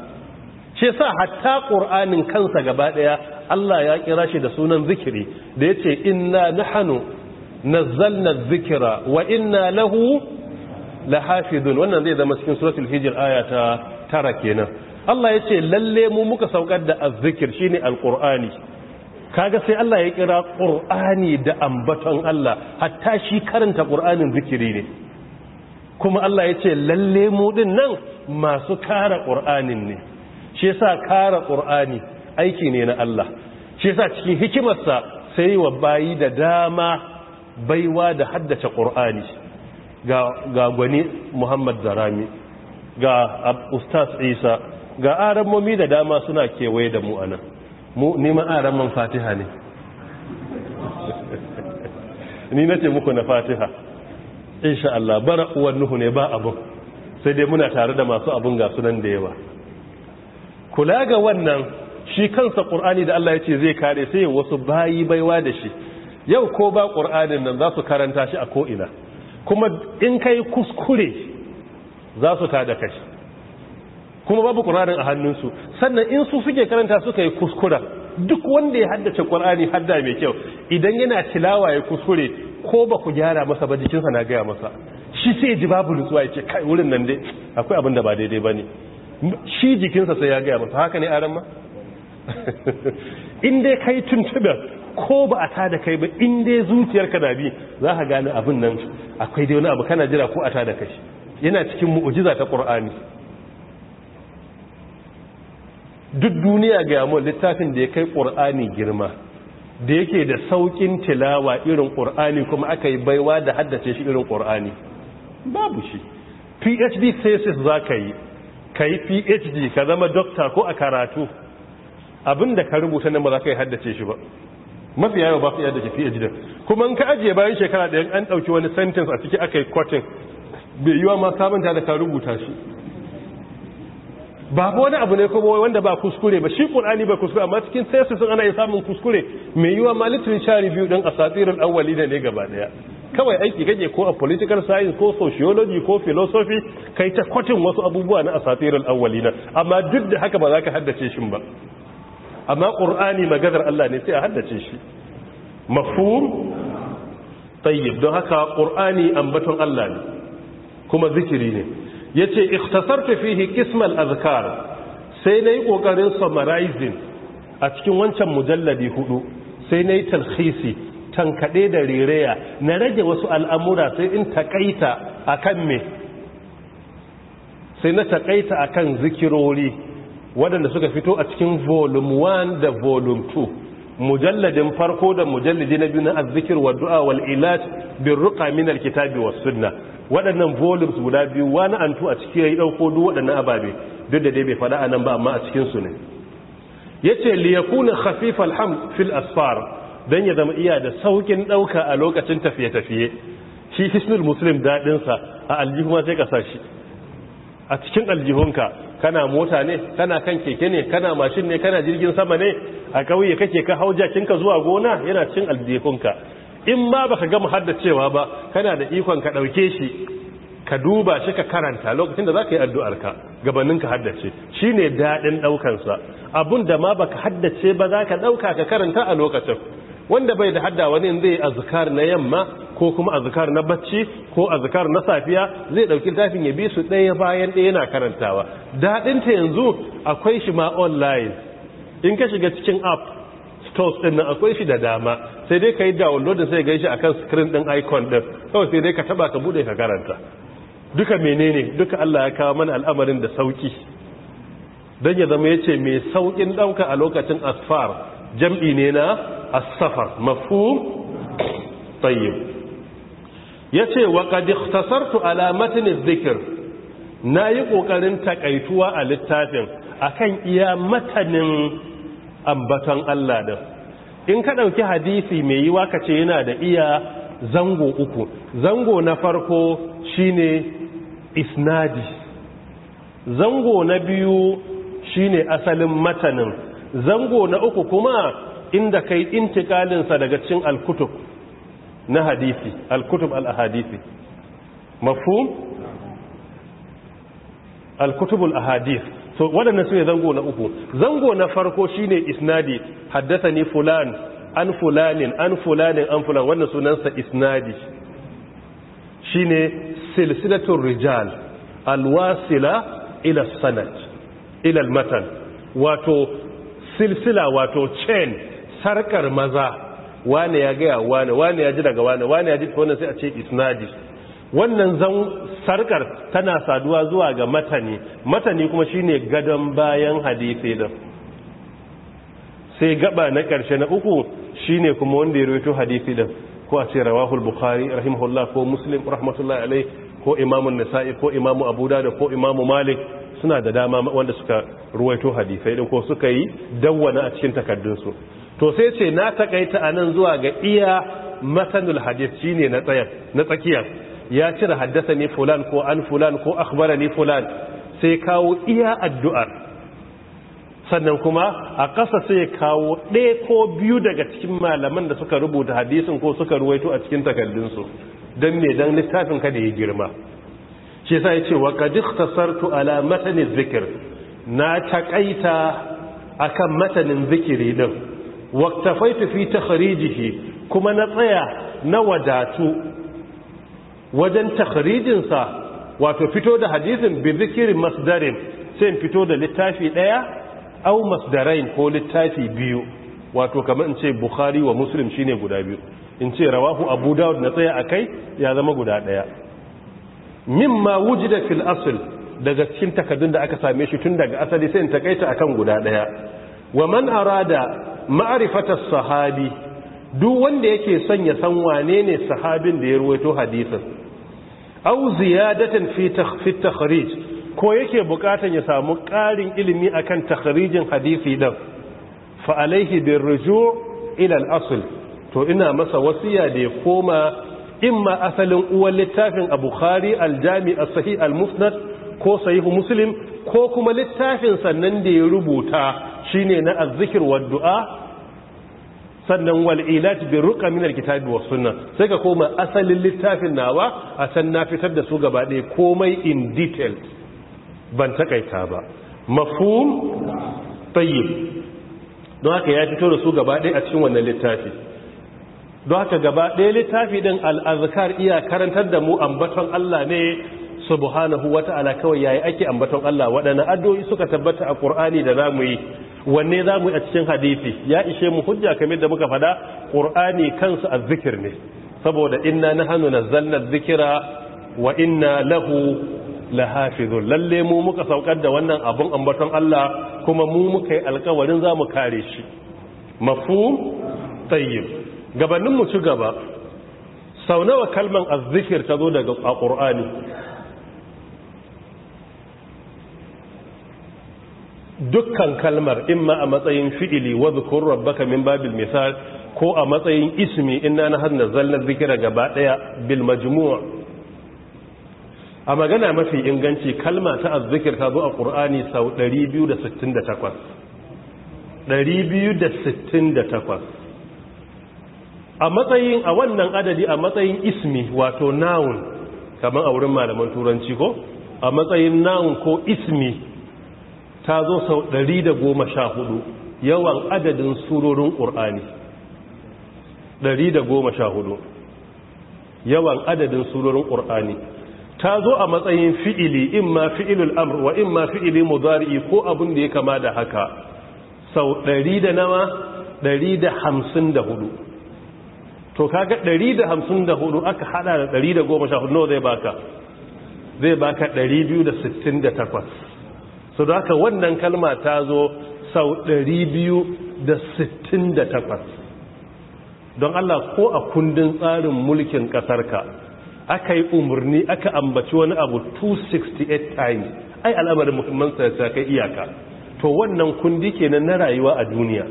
shi sa hatta qur'anin kansa gaba ɗaya Allah ya kira shi da sunan zikiri da ya yace inna na zanna zikira wa inna lahu lahafizun wannan zai zama cikin suratul hijir aya ta tara kenan Allah yace lalle mu muka saukar da azzikir shine alqur'ani kaga sai Allah ya kira ƙur'ani da ambaton Allah hatta shi karanta ƙur'anin zikiri ne kuma Allah yace lalle mu din nan masu kara qur'anin ne shi sa kara qur'ani aiki ne na Allah shi sa cikin hikimarsa sai wa bayi da dama baiwa da haddace qur'ani ga gwani Muhammad zarami ga Ustaz Isa ga aramomi da dama suna kewaye da mu anan neman araman Fatiha ne ni nace muku na Fatiha insha Allah bara uwan nuhu ne ba abun sai dai muna tare da masu abun ga sunan da yawa kula ga wannan shi kansa ƙur'ani da Allah ya ce zai kare sai wasu bayi baiwa da shi yau ko ba ƙur'anin nan za su karanta shi a ko'ina kuma in kai kuskure za su tada kai kuma babu ƙur'anin a hannunsu sannan in su suke karanta suka yi kuskura duk wanda ya haddace ƙur'ani hadda mai kyau idan yana tilawa ya kuskure ko ba ku gyara masa ba jikinsa na gaya masa shi sai ji babu nutsuwa ya ce kai wurin nan dai akwai abin da ba daidai ba ne shi jikinsa sai ya gaya masa haka ne aran ma in dai kai tuntuɓe ko ba a ta da kai ba in dai zuciyarka na bi za ka gane abin nan akwai dai wani abu kana jira ko a ta da kai yana cikin mu'ujiza ta ƙur'ani duk duniya ga yamon littafin da ya kai ƙur'ani girma da yake da sauƙin tilawa irin ƙur'ani kuma aka yi baiwa da haddace shi irin ƙur'ani babu shi phd thesis za ka yi ka yi phd ka zama dokta ko a karatu abinda ka rubuta nan ba za ka yi haddace shi ba mafi yawa ba su yadda ke phd kuma in ka ajiye bayan shekara da an ɗauki wani sentence a ciki aka yi kwatin bai yiwa ma sabon da ka rubuta shi ba wani abu ne kuma wanda ba kuskure ba shi kurani ba kuskure amma cikin sun ana yi samun kuskure mai yiwa ma literature review din a awwali da ne gaba daya kawai aiki kake ko a political science ko sociology ko philosophy kai ta kwatin wasu abubuwa na asatirul awwalina amma duk da haka ba za ka haddace shi ba amma qur'ani maganar Allah ne sai a haddace shi mafhum tayyib don haka qur'ani ambaton Allah ne kuma zikiri ne yace ikhtasartu fihi qismal azkar sai nayi kokarin summarizing a cikin wancan mujalladi hudu sai nayi talhisi kaɗe da rereya na rage wasu al'amura sai in taƙaita a kan me sai na taƙaita a kan zikirori waɗanda suka fito a cikin volume 1 da volume 2 mujalladin farko da mujalladi na biyu na azzikir wa du'a wal ilaj bin ruqa min alkitabi wa sunna waɗannan volumes guda biyu wani tu a ciki yayi ɗauko duk waɗannan ababe duk da dai bai faɗa anan ba amma a cikin su ne yace li yakuna khafifal fil asfar don ya zama iya da saukin ɗauka a lokacin tafiye-tafiye shi hisnul muslim daɗinsa a aljihu ma sai ka shi a cikin aljihunka kana mota ne kana kan keke ne kana mashin ne kana jirgin sama ne a ƙauye kake ka hau jakinka zuwa gona yana cikin aljihunka in ma baka gama haddacewa ba kana da ikon ka ɗauke shi ka duba shi ka karanta lokacin da za ka yi addu'arka ka haddace shi ne daɗin ɗaukansa abun da ma baka haddace ba za ka ɗauka ka karanta a lokacin wanda bai da hadda wani zai azkar na yamma ko kuma azkar na bacci ko azkar na safiya zai dauki littafin ya bi su daya bayan daya yana karantawa daɗin ta yanzu akwai shi ma online in ka shiga cikin app stores din nan akwai shi da dama sai dai ka yi download sai ga shi akan screen din icon din kawai sai dai ka taba ka bude ka karanta duka menene duka Allah ya kawo mana al'amarin da sauki dan ya zama yace mai saukin dauka a lokacin asfar jam'i ne na as-safar mafhum yace wa qad ikhtasartu ala matn adh-dhikr nayi kokarin takaituwa a littafin akan iya matanin ambaton Allah din in ka dauki hadisi mai yiwa kace yana da iya zango uku zango na farko shine isnadi zango na biyu shine asalin matanin zango na uku kuma inda kai intikalinsa daga cin alkutub na hadisi alkutub al-ahadisi mafhum alkutub al-ahadis so wadannan su ne zango na uku zango na farko shine isnadi haddathani fulan an fulanin an fulanin an fulan wannan sunansa isnadi shine silsilatul rijal alwasila ila sanad ila almatan wato silsila wato chain sarkar maza wane ya gaya wane wane ya ji daga wane wane ya ji wannan sai a ce isnadis wannan zan sarkar tana saduwa zuwa ga matani matani kuma shine gadon bayan hadisi din sai gaba na karshe na uku shine kuma wanda ya rawaito hadisi din ko a ce rawahul bukhari rahimahullah ko muslim rahmatullahi alai ko imamun nasa'i ko imamu abu da ko imamu malik suna da dama wanda suka ruwaito hadisai din ko suka yi dawwana a cikin takaddunsu to sai ce na takaita a nan zuwa ga iya masanul hadith shi na na tsakiyar ya cire haddasa ne fulan ko an fulan ko akbara ne fulan sai kawo iya addu'ar sannan kuma a ƙasa sai kawo ɗaya ko biyu daga cikin malaman da suka rubuta hadisin ko suka ruwaito a cikin takardunsu don me don littafin ka da ya girma shi sa ya ce wa qad tasartu ala matanin zikir na takaita akan matanin zikiri din waktafaitu fi takharijihi kuma na tsaya na wadatu wajen sa wato fito da hadisin bi zikirin masdarin sai fito da littafi daya au masdarain ko littafi biyu wato kamar in ce bukhari wa muslim shine guda biyu in ce rawahu abu daud na tsaya akai ya zama guda daya mimma wujida fil asl daga cikin takaddun da aka same shi tun daga asali sai in takaita akan guda daya wa man arada ma'arifatar sahabi duk wanda yake son ya san wane ne sahabin da ya ruwaito hadisin au ziyadatan fi fi takhrij ko yake bukatan ya samu ƙarin ilimi akan takhrijin hadisi dan. fa alaihi bir ila al asl to ina masa wasiya da ya koma imma asalin uwan littafin a bukhari al-jami as-sahih al-musnad ko sahih muslim ko kuma littafin sannan da ya rubuta shine na azzikir wa du'a sannan wal ilaj bi ruqa min alkitabi was sunna sai ka koma asalin littafin nawa a san na fitar da su gaba ɗaya komai in detail ban takaita ba mafhum tayyib don haka ya fito da su gaba ɗaya a cikin wannan littafi don haka gaba ɗaya littafi din al-azkar iya karantar da mu ambaton Allah ne subhanahu wata'ala kawai yayi ake ambaton Allah waɗanne, addu'o'i suka tabbata a Qur'ani da zamu yi wanne za mu yi a cikin hadisi ya ishe mu hujja kamar da muka fada qur'ani kansu azzikir ne saboda inna nahnu nazzalna adh zikira wa inna lahu lahafizun lalle mu muka saukar da wannan abun ambaton Allah kuma mu muka yi alƙawarin za mu kare shi Mafu tayyib gabanin mu ci gaba sau nawa kalman azzikir ta zo daga a ƙur'ani dukkan kalmar imma a matsayin fi'ili wa zukur rabbaka min babil misal ko a matsayin ismi inna na hadna zallar zikira gaba daya bil majmu' a magana mafi inganci kalma ta azzikir ta zo a qur'ani sau 268 268 a matsayin a wannan adadi a matsayin ismi wato noun kamar a wurin malaman turanci ko a matsayin noun ko ismi ta zo sau 114 yawan adadin surorin ƙur'ani 114 yawan adadin surorin ƙur'ani ta zo a matsayin fi'ili in ma fi'ilul amr wa in ma fi'ili mudari'i ko abin da ya kama da haka sau ɗari da nama 154 to kaga 154 aka hada da 114 nawa zai baka zai baka 268 so da aka wannan kalma ta zo sau 268 don Allah ko a kundin tsarin mulkin ka aka yi umarni aka ambaci wani abu 268 times ai al'amarin muhimmansa ya kai iyaka to wannan kundi kenan na rayuwa a duniya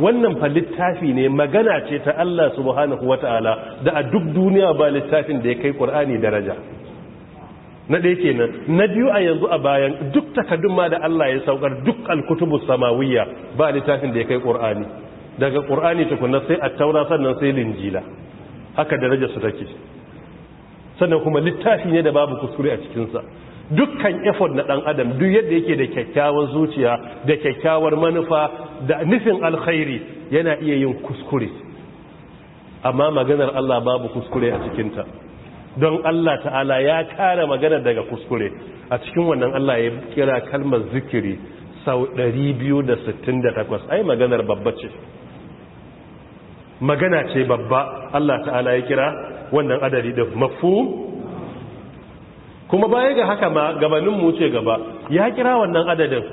wannan fa littafi ne magana ce ta Allah subhanahu wata'ala da a duk duniya ba littafin da ya kai Qur'ani daraja na ɗaya nan na biyu a yanzu a bayan duk takardun ma da Allah ya saukar duk alkutubu samawiyya ba littafin da ya kai ƙor'ani daga ƙur'ani tukuna sai a taura sannan sai linjila haka daraja su take sannan kuma littafi ne da babu kuskure a cikinsa dukkan effort na ɗan adam duk yadda yake da kyakkyawar zuciya da kyakkyawar manufa da nufin alkhairi yana iya yin kuskure amma maganar Allah babu kuskure a cikinta don Allah ta'ala ya kare magana daga kuskure a cikin wannan Allah ya kira kalmar zikiri sau 268 ai maganar babba ce magana ce babba Allah ta'ala ya kira wannan adadi da mafu kuma baya ga haka ma gabanin mu ce gaba ya kira wannan adadin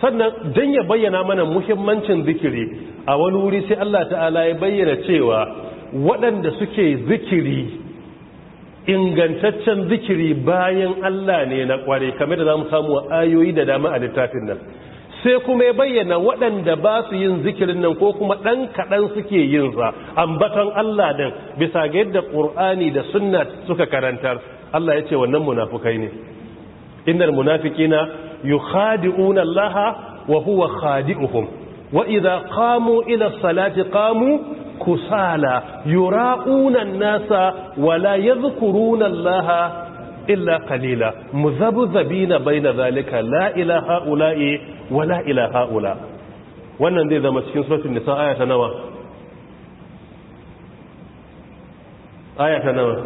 sannan dan ya bayyana mana muhimmancin zikiri a wani wuri sai Allah ta'ala ya bayyana cewa waɗanda suke zikiri ingantaccen zikiri bayan Allah ne na kware kamar da za mu samu ayoyi da dama a littafin nan sai kuma ya bayyana waɗanda ba su yin zikirin nan ko kuma ɗan kaɗan suke yin sa ambatan Allah ɗin bisa ga yadda ƙur'ani da sunna suka karantar Allah ya ce wannan munafukai ne innal munafiqina yukhadi'una Allah wa huwa khadi'uhum wa idza qamu ila salati qamu kusala yura'unan nasa wala yadhkuruna Allah illa qalila muzabzabina baina zalika la ilaha ula'i wala ilaha ula wannan zai zama cikin suratul nisa aya nawa aya nawa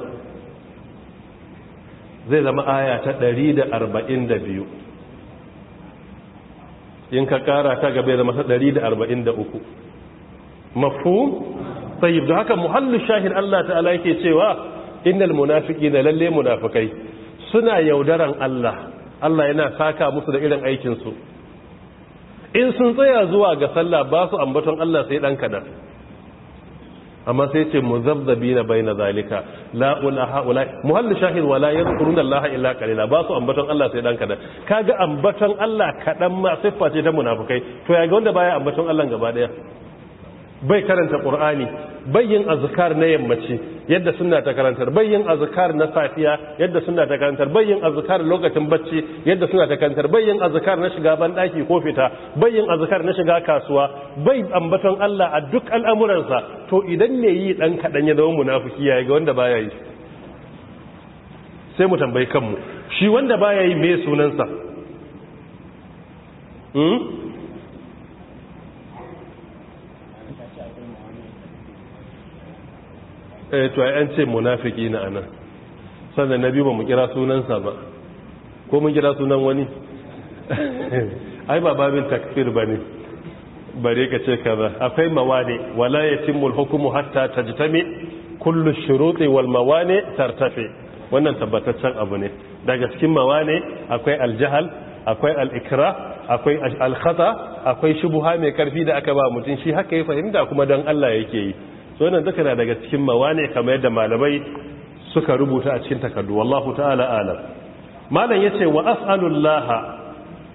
zai zama aya ta 142 in ka kara ta gaba zama ta 143 mafhum tayyib don haka muhallu shahir Allah ta'ala yake cewa innal munafiqina lalle munafikai suna yaudaran Allah Allah yana saka musu da irin aikin su in sun tsaya zuwa ga sallah ba su ambaton Allah sai dan kadan amma sai ce muzabzabina baina zalika la ulaha ula muhallu shahid wala yadhkuruna Allah illa qalila ba su ambaton Allah sai dan kadan kaga ambaton Allah kadan ma siffa ce ta munafikai to ya ga wanda baya ambaton Allah gaba daya bai karanta qur'ani bai yin azkar na yammaci yadda sunna ta karantar bai yin azkar na safiya yadda sunna ta karantar bai yin azkar lokacin bacci yadda sunna ta karantar bai yin azkar na shiga ban daki ko fita bai yin azkar na shiga kasuwa bai ambaton Allah a duk al'amuransa to idan ne yi dan kadan ya zama munafiki yayi ga wanda baya yi sai mu tambayi kanmu shi wanda baya yi me sunansa hmm? eh to ai an ce munafiki na anan sannan nabi ba mu kira sunansa ba ko mun kira sunan wani ai ba babin takfir bane bare ka ce kaza akwai mawani wala yatimmu hukmu hatta tajtami kullu shuruti wal mawani tartafi wannan tabbataccen abu ne daga cikin mawani akwai aljahl akwai al akwai alkhata akwai shubha mai karfi da aka ba mutun shi haka ya fahimta kuma dan Allah yake yi to wannan duka na daga cikin mawane kamar yadda malamai suka rubuta a cikin takardu wallahu ta'ala alam malam yace wa llaha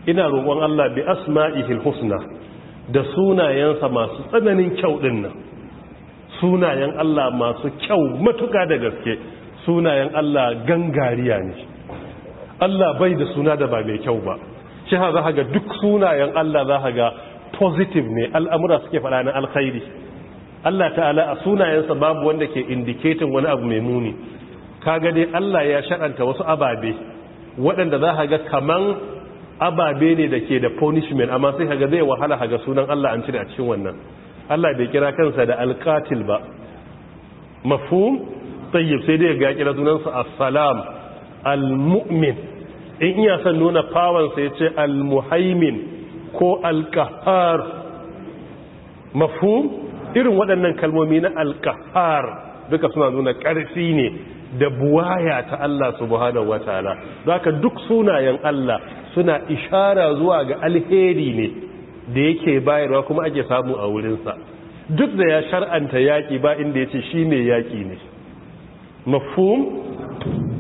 ina roƙon Allah bi asma'ihil husna da sunayensa masu tsananin kyau din nan sunayen Allah masu kyau matuka da gaske sunayen Allah gangariya ne Allah bai da suna da ba mai kyau ba shi ha za ga duk sunayen Allah za ga positive ne al'amura suke faɗa na alkhairi Allah ta'ala a sunayensa babu wanda ke indiketin wani abu mai muni kaga dai Allah ya shar'anta wasu ababe waɗanda za ka ga kaman ababe ne da ke da punishment amma sai ka ga zai wahala ga sunan Allah an cire a cikin wannan Allah bai kira kansa da alqatil ba mafhum tayyib sai dai ga kira sunansa assalam almu'min in iya san nuna pawan sai ce almuhaimin ko alqahar mafhum irin waɗannan kalmomi na alkahar duka suna nuna ƙarfi ne da buwaya ta Allah subhanahu wataala zaka duk sunayen Allah suna ishara zuwa ga alheri ne da yake bayarwa kuma ake samu a wurinsa duk da ya shar'anta yaƙi ba inda ya ce shi ne yaƙi ne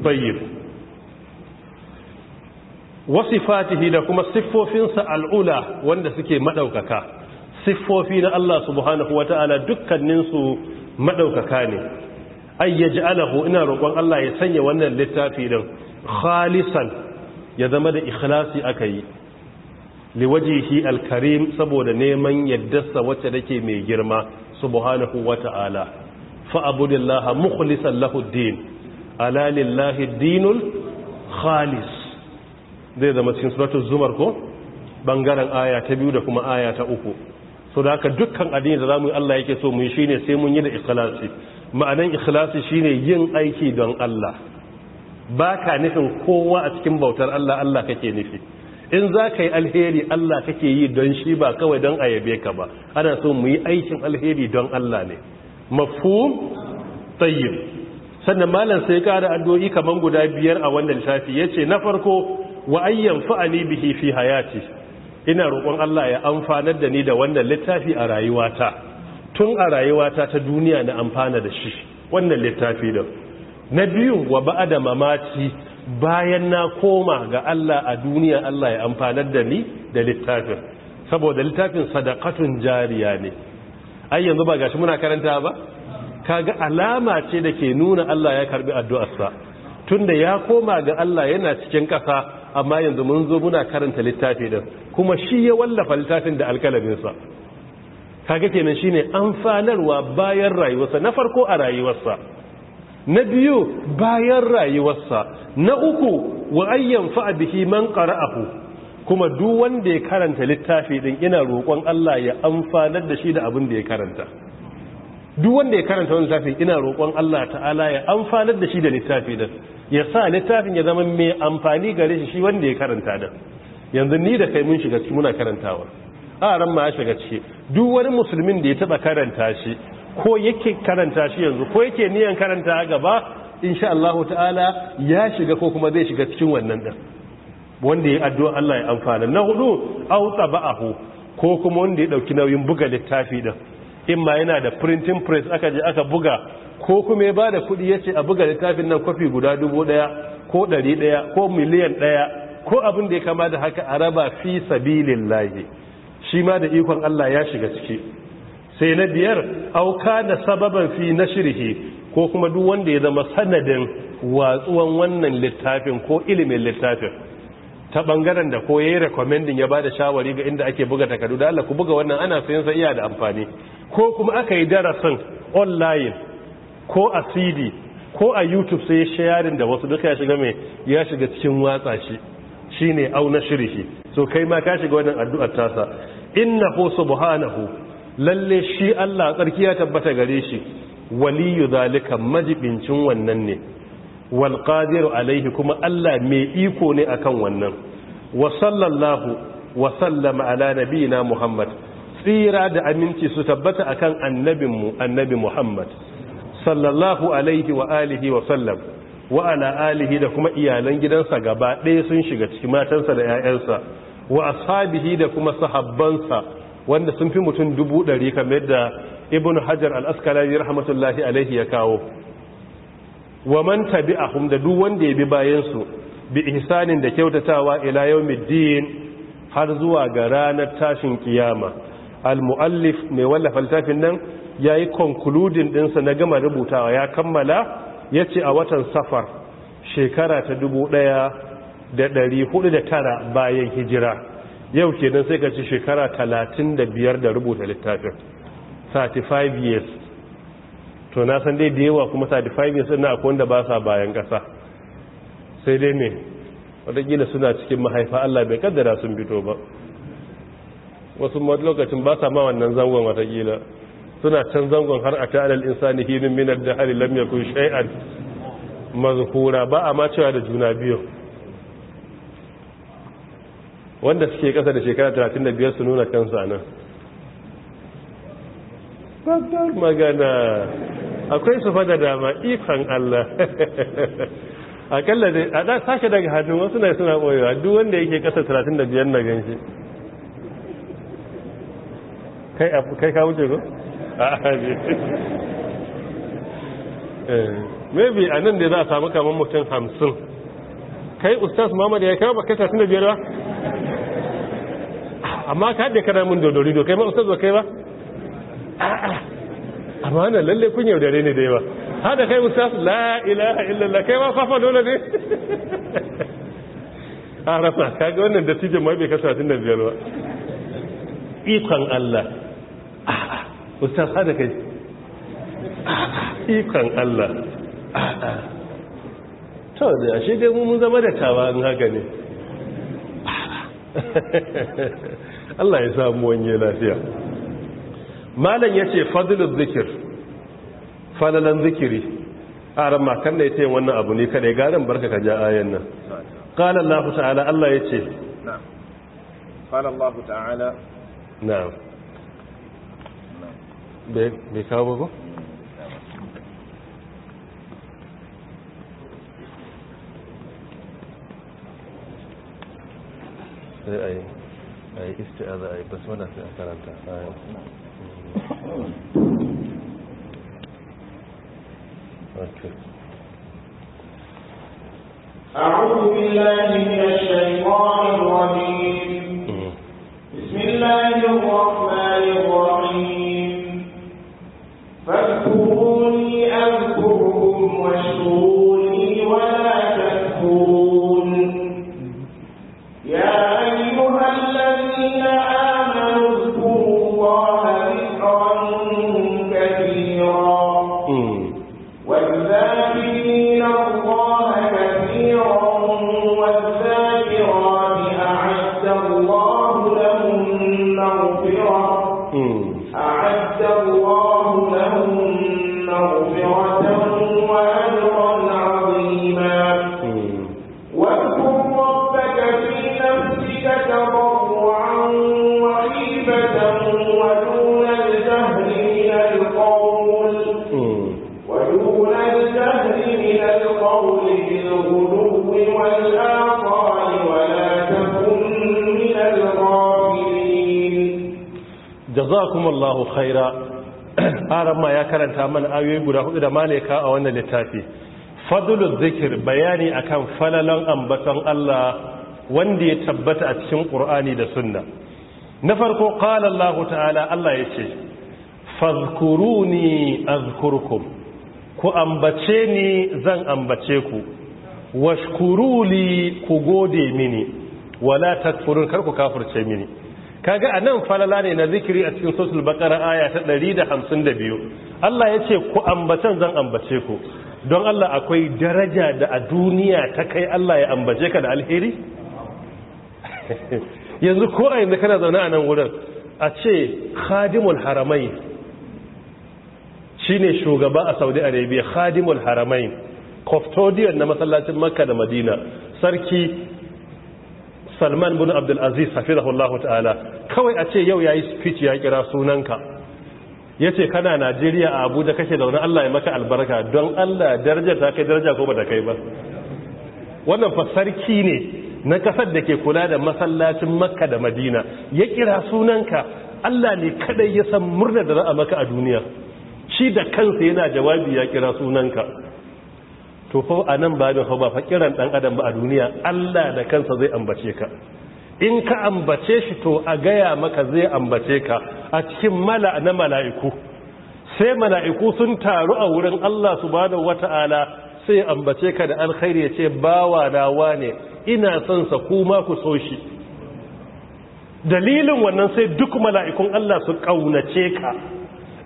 bayyar wasu wasifatihi da kuma siffofinsa al'ula wanda suke maɗaukaka siffofi na Allah subhanahu wata'ala dukkaninsu madaukaka ne Ayyaji Alahu ina roƙon Allah ya sanya wannan littafi din khalisan ya zama da ikhlasi yi. liwajihi alkarim saboda neman yaddarsa wacce take mai girma subhanahu wata'ala fa abudillaha mukhlishan din ala lillahi dinul khalis zai zama cikin suratul zumar ko bangaren aya ta biyu da kuma aya ta uku so da haka dukkan addini da zamu yi Allah yake so mu yi shine sai mun yi da ikhlasi ma'anan ikhlasi shine yin aiki don Allah baka nufin kowa a cikin bautar Allah Allah kake nufi in za ka yi alheri Allah kake yi don shi ba kawai don a ka ba ana so mu yi aikin alheri don Allah ne mafhum tayyib sannan malam sai kara addu'o'i kaman guda biyar a wannan shafi yace na farko wa ayyan fa'ali bihi fi hayatihi ina roƙon Allah ya amfanar da ni da wannan littafi a rayuwata tun a rayuwata ta duniya na amfana da shi wannan littafi da na biyu wa ba'a da mamaci bayan na koma ga Allah a duniya Allah ya amfanar da ni da littafin saboda littafin sadakatun jariya ne ai yanzu ba gashi muna karanta ba kaga alama ce da ke nuna Allah ya karbi addu'arsa tunda ya koma ga Allah yana cikin ƙasa amma yanzu mun zo muna karanta littafi din kuma shi ya wallafa littafin da alkalaminsa kaga kenan shine amfanarwa bayan rayuwarsa na farko a rayuwarsa na biyu bayan rayuwarsa na uku wa ayyan fa'a bihi man qara'ahu kuma duk wanda ya karanta littafi din ina roƙon Allah ya amfanar da shi da abin da ya karanta duk wanda ya karanta wannan littafin ina roƙon Allah ta'ala ya amfanar da shi da littafi din ya sa littafin ya zama mai amfani gare shi wanda ya karanta da yanzu ni da kai mun shiga ciki muna karantawa a ran ma ya shiga ciki duk wani musulmin da ya taba karanta shi ko yake karanta shi yanzu ko yake niyan karanta gaba insha Allah ta'ala ya shiga ko kuma zai shiga cikin wannan din wanda ya addu'a Allah ya amfana na hudu au tabahu ko kuma wanda ya dauki nauyin buga littafi din in ma yana da printing press aka je aka buga ko kuma ya ba da kuɗi ya ce a buga littafin nan kwafi guda dubu ɗaya ko ɗari ɗaya ko miliyan ɗaya ko abin da ya kama da haka a raba fi sabilin lahi shi ma da ikon Allah ya shiga ciki sai na biyar auka da sababan fi na shirhi ko kuma duk wanda ya zama sanadin watsuwan wannan littafin ko ilimin littafin ta bangaren da ko yayi recommending ya bada shawari ga inda ake buga takardu da Allah ku buga wannan ana sayan sa iya da amfani ko kuma aka yi darasin online ko a cd ko a youtube sai ya shayarin da wasu duka ya shiga mai ya shiga cikin watsa shi shi ne auna shi so kai ma ka shiga wannan addu'ar tasa Inna innahu subhanahu lalle shi Allah tsarki ya tabbata gare shi waliyu zalika majibincin wannan ne wal qadiru alaihi kuma Allah mai iko ne akan wannan wa sallallahu wa sallama ala nabiyina muhammad tsira da aminci su tabbata akan annabinmu annabi Muhammad sallallahu alaihi wa alihi wa sallam wa ala alihi da kuma iyalan gidansa gaba ɗaya sun shiga cikin matansa da 'ya'yansa wa ashabihi da kuma sahabbansa wanda sun fi mutum dubu ɗari kamar yadda ibn hajar al-askalani rahmatullahi alaihi ya kawo wa man tabi'ahum da duk wanda ya bi bayansu bi ihsanin da kyautatawa ila yawmiddin har zuwa ga ranar tashin kiyama al-mu'allif mai wallafa littafin nan yayi concluding dinsa na gama rubutawa ya kammala ya ce a watan safar shekara ta 1409 bayan hijira yau kenan sai ka ci shekara 35 da rubuta littafin 35 years to na san dai da yawa kuma 35 years ina akwai wanda ba sa bayan kasa sai dai me wadakila suna cikin mahaifa Allah bai kaddara sun fito ba wasu lokacin ba sa ma wannan zangon watakila suna can zangon har a ta'adar insani hinin minar da hari lamya kun shai'ar mazkura ba a ma cewa da juna biyu wanda suke kasa da shekara 35 su nuna kansa nan babbar magana akwai su fada dama ikon Allah akalla dai a da sake daga hannun wasu ne suna ɓoyewa duk wanda yake kasa 35 na ganshi kai kai ka wuce ko eh, maybe a nan da za a samu kamar mutum hamsin kai ustaz Muhammad ya kai ba kai satin da biyar ba amma ka haɗe kana mun dodori do kai ma ustaz ba kai ba amma nan lalle kun yau yaudare ne da yawa haɗa kai ustaz la ilaha illallah kai ma fafa dole ne a rasa kaga wannan dattijan mai bai kasa tun da biyar ba ikon Allah a'a ustaz hada kai ikon Allah a'a to da ashe dai mun zama da tawa in haka ne Allah ya samu wanye lafiya malam yace fadlul zikir falalan zikiri a ran makan da yace wannan abu ne kada ya garan barka ka ja ayan nan qala Allah ta'ala Allah yace na'am qala Allah ta'ala na'am bai kawo ba sai a yi a yi a yi basmala sai a karanta أعوذ بالله من الشيطان الرجيم khaira aran ya karanta mana ayoyi guda hudu da malaka a wannan littafi fadlul zikr bayani akan falalan ambaton Allah wanda ya tabbata a cikin Qur'ani da Sunna na farko qala Allah ta'ala Allah yace fadhkuruni azkurkum ku ambace ni zan ambace ku washkuruli ku gode mini wala takfurun kar ku kafirce mini kaga nan falala ne na zikiri a cikin sosul bakara aya ta ɗari da da hamsin biyu. Allah ya ce ku ambacen zan ambace ku don Allah akwai daraja da a duniya ta kai Allah ya ambace ka da alheri yanzu ko a yanzu kana zaune a nan wurin a ce khadimul haramai shine shugaba a Saudi Arabia khadimul haramai Koftodiyar na masallacin Makka da Madina sarki salman bin abdulaziz safirahullahu ta'ala kawai a ce yau ya yi speech ya kira sunanka yace kana najeriya a abuja kake zauna allah ya maka albarka don allah daraja ta kai daraja ko ba ta kai ba wannan fasarki ne na kasar da ke kula da masallacin makka da madina ya kira sunanka allah ne kadai ya san murnar da za a maka a duniya shi da kansa yana jawabi ya kira sunanka to fa a nan babin hau ba fa kiran ɗan adam ba a duniya Allah da kansa zai ambace ka in ka ambace shi to a gaya maka zai ambace ka a cikin mala na mala'iku sai mala'iku sun taru a wurin Allah subhanahu wata'ala sai ambace ka da alkhairi ya ce bawa da wane ina son sa kuma ku so shi dalilin wannan sai duk mala'ikun Allah su ƙaunace ka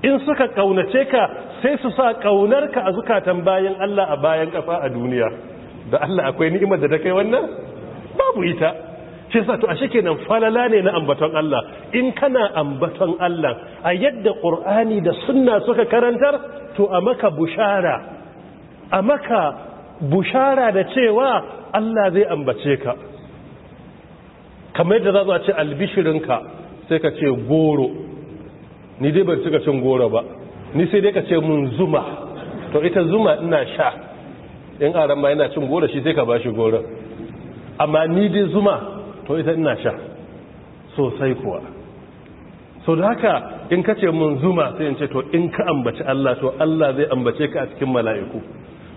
in suka kaunace ka sai su sa kaunar ka a zukatan bayan Allah a bayan kafa a duniya da Allah akwai ni'imar da ta kai wannan babu ita shi sa to ashe kenan falala ne na ambaton Allah in kana ambaton Allah a yadda Qur'ani da Sunna suka karantar to a maka bushara a maka bushara da cewa Allah zai ambace ka kamar yadda za zuwa ce albishirinka sai ka ce goro ni dai ban cika cin goro ba ni sai dai ka ce mun zuma to ita zuma ina sha in aran ma yana cin goro shi sai ka bashi goro amma ni dai zuma to ita ina sha sosai kuwa so da haka in ka ce mun zuma sai in ce to in ka ambaci Allah to Allah zai ambace ka a cikin mala'iku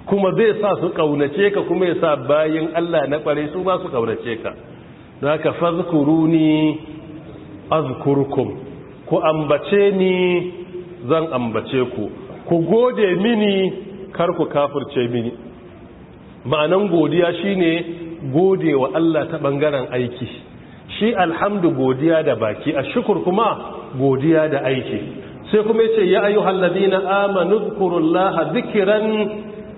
kuma zai sa su kaunace ka kuma ya sa bayin Allah na kware su ba su kaunace ka da haka fazkuruni azkurkum ku ambace ni zan ambace ku ku gode mini kar ku kafirce mini ma'anan godiya shine gode wa Allah ta bangaren aiki shi alhamdu godiya da baki a shukur kuma godiya da aiki sai kuma ce ya ayu halladina amanu dhkurullaha zikiran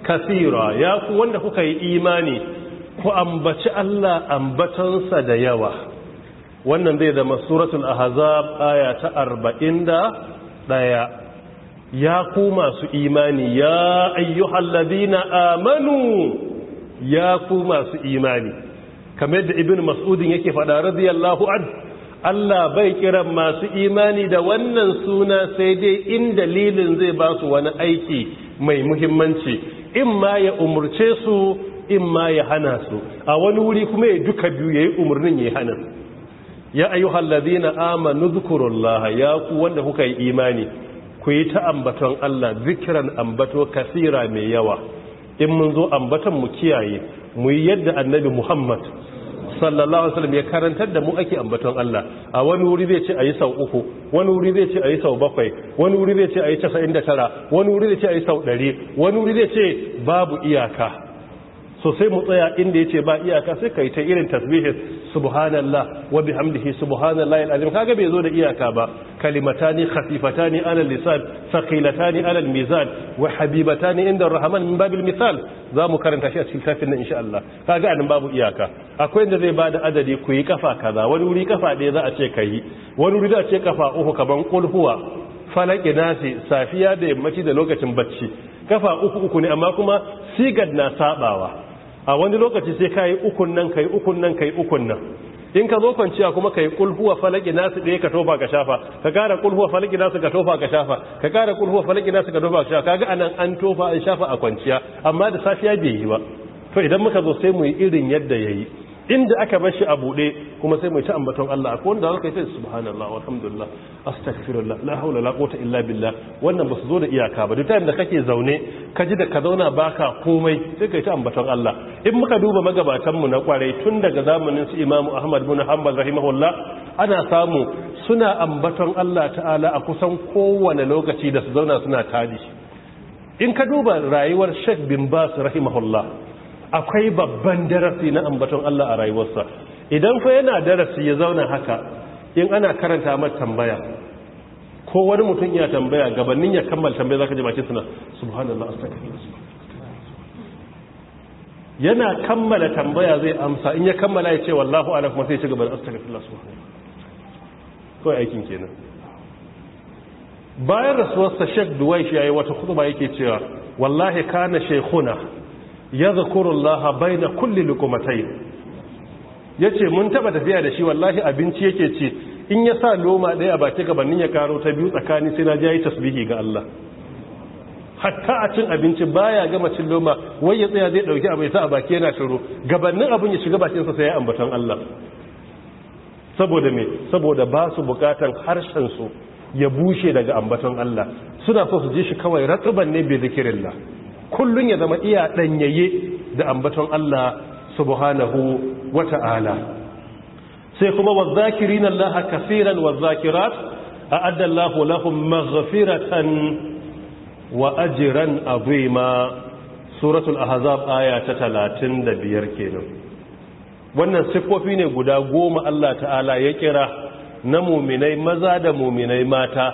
kasira ya ku wanda kuka yi imani ku ambaci Allah ambatansa da yawa wannan zai zama suratul ahzab aya ta 41 ya ku masu imani ya ayyuhalladhina amanu ya ku masu imani kamar da ibn mas'udin yake fada radiyallahu an Allah bai kiran masu imani da wannan suna sai dai in dalilin zai ba su wani aiki mai muhimmanci in ma ya umurce su in ma ya hana su a wani wuri kuma ya duka biyu ya yi umarnin ya hana su ya ayyuhal ladina amanu dhkurullaha ya ku wanda kuka yi imani ku yi ta ambaton Allah zikiran ambato kasira mai yawa in mun zo ambaton mu kiyaye mu yi yadda annabi Muhammad sallallahu alaihi sallam ya karantar da mu ake ambaton Allah a wani wuri zai ce a yi sau uku wani wuri zai ce a yi sau bakwai wani wuri zai ce a yi casa'in da tara, wani wuri zai ce a yi sau ɗari, wani wuri zai ce babu iyaka so sai mu tsaya inda yace ba iyaka sai kai ta irin tasbihin subhanallah wa bihamdihi subhanallahi alazim kaga bai zo da iyaka ba kalimatani khafifatani ala lisan thaqilatani ala mizan wa habibatani inda arrahman min babil misal zamu karanta shi a cikin tafin nan insha Allah kaga anan babu iyaka akwai inda zai bada adadi ku yi kafa kaza wani wuri kafa ɗaya za a ce kai wani wuri za a ce kafa uku kaman kulhuwa falaki nasi safiya da yammaci da lokacin bacci kafa uku uku ne amma kuma sigad na sabawa a wani lokaci sai ka yi ukun nan ka yi ukun nan ka yi ukun nan in ka zo kwanciya kuma ka yi kulhuwa falaki nasu ɗaya ka tofa ka shafa ka ƙara kulhuwa falaki nasu ka tofa ka shafa ka ƙara kulhuwa falaki nasu ka tofa ka shafa kaga anan an tofa an shafa a kwanciya amma da safiya bai yi ba to idan muka zo sai mu yi irin yadda ya yi inda aka bar shi a buɗe kuma sai mai ta ambaton Allah akwai wanda zaka yi sai subhanallah walhamdulillah astaghfirullah la haula la quwwata illa billah wannan ba su zo da iyaka ba duk tayin da kake zaune ka ji da ka zauna baka komai sai kai ta ambaton Allah in muka duba magabatan mu na kwarai tun daga zamanin su Imam Ahmad bin Hanbal rahimahullah ana samu suna ambaton Allah ta'ala a kusan kowane lokaci da su zauna suna tadi in ka duba rayuwar Sheikh bin Bas rahimahullah akwai babban darasi na ambaton Allah a rayuwarsa idan fa yana darasi ya zauna haka in ana karanta mata tambaya ko wani mutum ya tambaya gabanin ya kammala tambaya zaka ji bakin suna subhanallah astaghfirullah yana kammala tambaya zai amsa in ya kammala ya ce wallahu ala kuma sai ya ci gaba da astaghfirullah subhanallah kawai aikin kenan bayan rasuwarsa Sheikh Duwaish yayi wata khutba yake cewa wallahi kana shaykhuna ya zakurullaha bai na kulli lukumatai ya ce mun taba tafiya da shi wallahi abinci yake ce in ya sa loma ɗaya a baki gabanin ya karo ta biyu tsakani sai na jayi tasbihi ga Allah hatta a cin abinci baya gama cin loma wai ya tsaya zai ɗauki ya sa a baki yana shiru gabanin abin ya shiga bakinsa sai ya ambatan Allah saboda me saboda ba su bukatan harshen su ya bushe daga ambaton Allah suna so su ji shi kawai ratsuban ne bi zikirillah kullun ya zama iya danyaye da ambaton Allah subhanahu wata'ala sai kuma wadh-dhakirin Allah kaseeran wa'ajiran a a'adda lahum maghfiratan wa ajran azima suratul ahzab aya ta 35 kenan wannan sifofi ne guda goma Allah ta'ala ya kira na muminai maza da muminai mata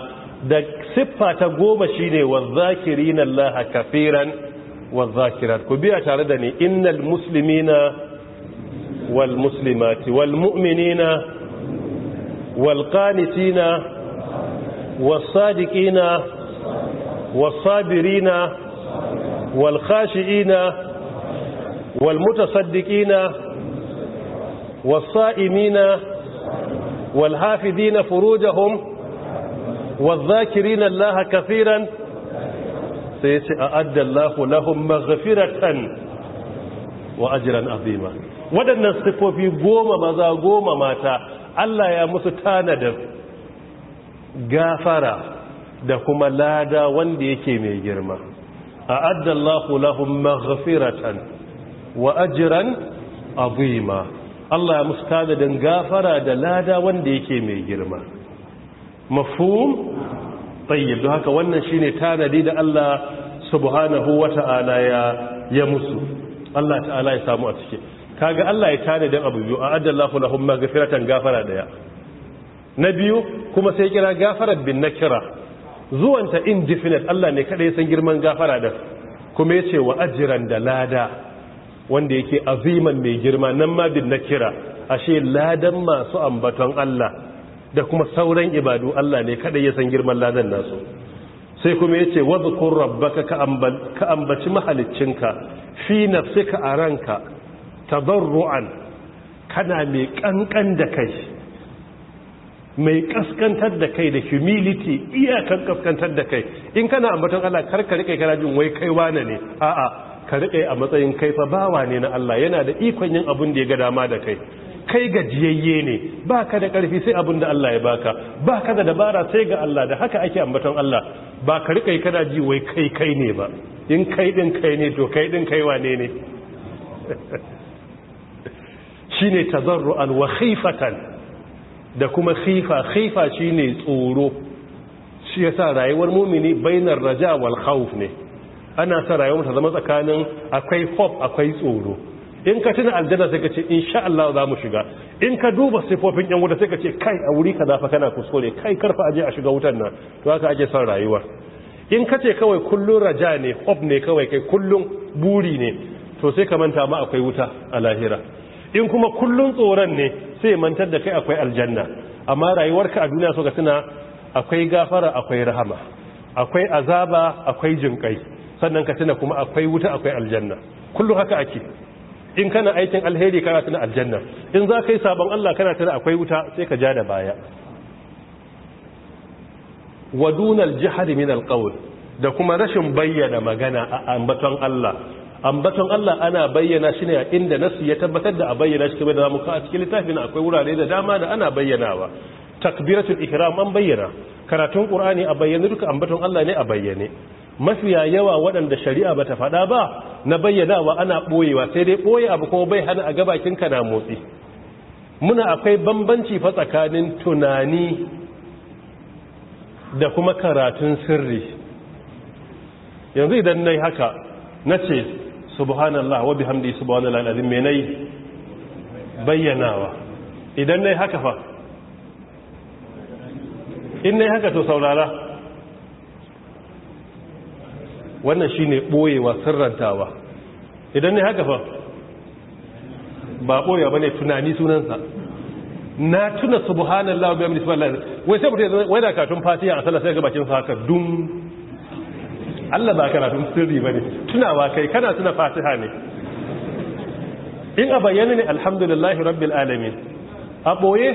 da siffa ta goma shine wadh-dhakirin Allah kaseeran والذاكرات كبيرة تاردني إن المسلمين والمسلمات والمؤمنين والقانتين والصادقين والصابرين والخاشئين والمتصدقين والصائمين والحافظين فروجهم والذاكرين الله كثيرا sai ya ce a addallahu lahum maghfiratan wa ajran azima waɗannan sifofi goma maza goma mata Allah ya musu tanadin gafara da kuma lada wanda yake mai girma a addallahu lahum maghfiratan wa ajran azima Allah ya musu tanadin gafara da lada wanda yake mai girma mafhum tayyib don haka wannan shi ne tanadi da Allah subhanahu wata'ala ya ya musu Allah ta'ala ya samu a cike kaga Allah ya da abu biyu a a'adallahu lahum maghfiratan gafara daya na biyu kuma sai kira gafarar bin nakira zuwanta indefinite Allah ne kada ya san girman gafara da kuma yace wa ajiran da lada wanda yake aziman mai girma nan ma bin nakira ashe ladan masu ambaton Allah da kuma sauran ibadu Allah ne kadai ya san girman ladan nasu sai kuma yace ce rabbaka ka ka ambaci mahaliccinka fi nafsika a ranka tadarruan kana mai kankan da kai mai kaskantar da kai da humility iyakan kaskantar da kai in kana ambaton Allah kar ka rike kana jin wai kai wane ne a'a ka rike a matsayin kai fa bawa ne na Allah yana da ikon yin abun da ya ga dama da kai kai gajiyayye ne ba ka da ƙarfi sai abin da Allah ya baka ba ka da dabara sai ga Allah da haka ake ambaton Allah ba ka riƙa yi kada ji wai kai kai ne ba in kai ɗin kai ne to kai ɗin kai wane ne shi ne tazarru'an wa khifatan da kuma khifa khifa shi ne tsoro shi ya sa rayuwar mumini bainar raja wal khawf ne ana sa rayuwar ta zama tsakanin akwai hope akwai tsoro in ka tuna aljanna sai ka ce insha Allah za mu shiga in ka duba sifofin yan wuta sai ka ce kai a wuri kaza fa kana kuskure kai karfa aje a shiga wutan nan to haka ake son rayuwa. in ka ce kawai kullun raja ne hope ne kawai kai kullun buri ne to sai ka manta ma akwai wuta a lahira in kuma kullun tsoron ne sai mantar da kai akwai aljanna amma rayuwarka a duniya so ka tuna akwai gafara akwai rahama akwai azaba akwai jinkai sannan ka tuna kuma akwai wuta akwai aljanna kullum haka ake in kana aikin alheri kana tana aljanna in za ka yi sabon Allah kana tana akwai wuta sai ka ja da baya wa jihar min alqawl da kuma rashin bayyana magana a ambaton Allah ambaton Allah ana bayyana shi ne a inda nasu ya tabbatar da a bayyana shi kamar da mu ka a cikin littafin akwai wurare da dama da ana bayyanawa takbiratul ihram an bayyana karatun qur'ani a bayyane duka ambaton Allah ne a bayyane mafiya yawa waɗanda shari'a bata faɗa ba na bayyanawa ana ɓoyewa sai dai ɓoye abu kuma bai hana a gabakinka na motsi muna akwai bambanci fa tsakanin tunani da kuma karatun sirri yanzu idan na haka na ce subhanallah wa bihamdi subhanallah alazim me nayi bayyanawa idan na haka fa in na haka to saurara wannan shine ɓoyewa sirrantawa idan ne haka fa ba ba bane tunani sunansa na tuna subhanallahi wa bihamdihi lalata wai sai mutum wai da katun fatiha a salasai sai ga bakin haka dum Allah ba ka rafin sirri ba ne tunawa kai kana tuna fatiha ne in a bayyana ne alhamdulillahi rabbil alamin a ɓoye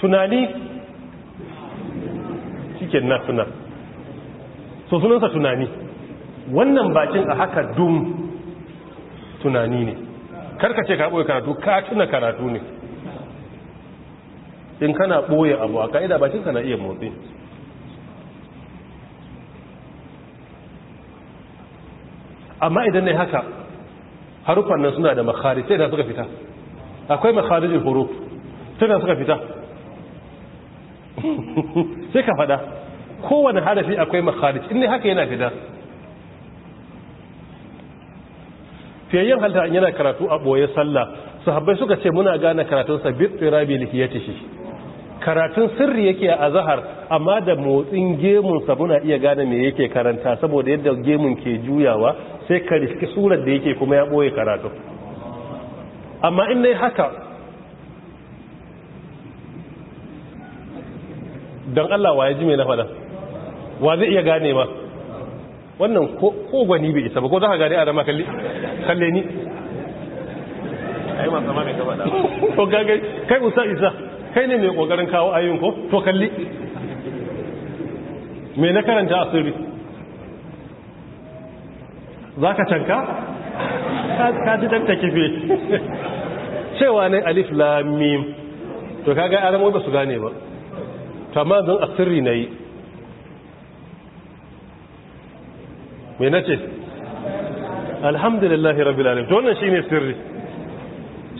tunani cikin na tunan. so sunansa tunani wannan bakin a haka dum tunani ne karka ce ka ɓoye karatu ka tuna karatu ne in kana ɓoye abu a ka'ida bakinka na iya motsi amma idan ne haka harufan nan suna da makhari sai da suka fita akwai makharijin huruf sai da suka fita sai ka fada kowane harafi akwai makharij inda haka yana fida fiyayyen halta yana karatu a ɓoye sallah sahabbai suka ce muna gane karatunsa bittirabi shi karatun sirri yake a zahar amma da motsin gemunsa muna iya gane me yake karanta saboda yadda gemun ke juyawa sai ka riski surar da yake kuma ya ɓoye karatu amma in dai haka don Allah wa ya ji mai na faɗa wa zai iya gane ba? wannan ko gwani bai isa ba ko za ka gane adama kalle ni mai to kai usa isa kai ne mai kogarin kawo ayin ko to kalli me na karanta asiri za ka tanka ka ji danta kife cewa ne alif lamim to kaga aramu ba su gane ba tamazin asiri na yi na ce. alhamdulillah rabbi lalim to wannan shine sirri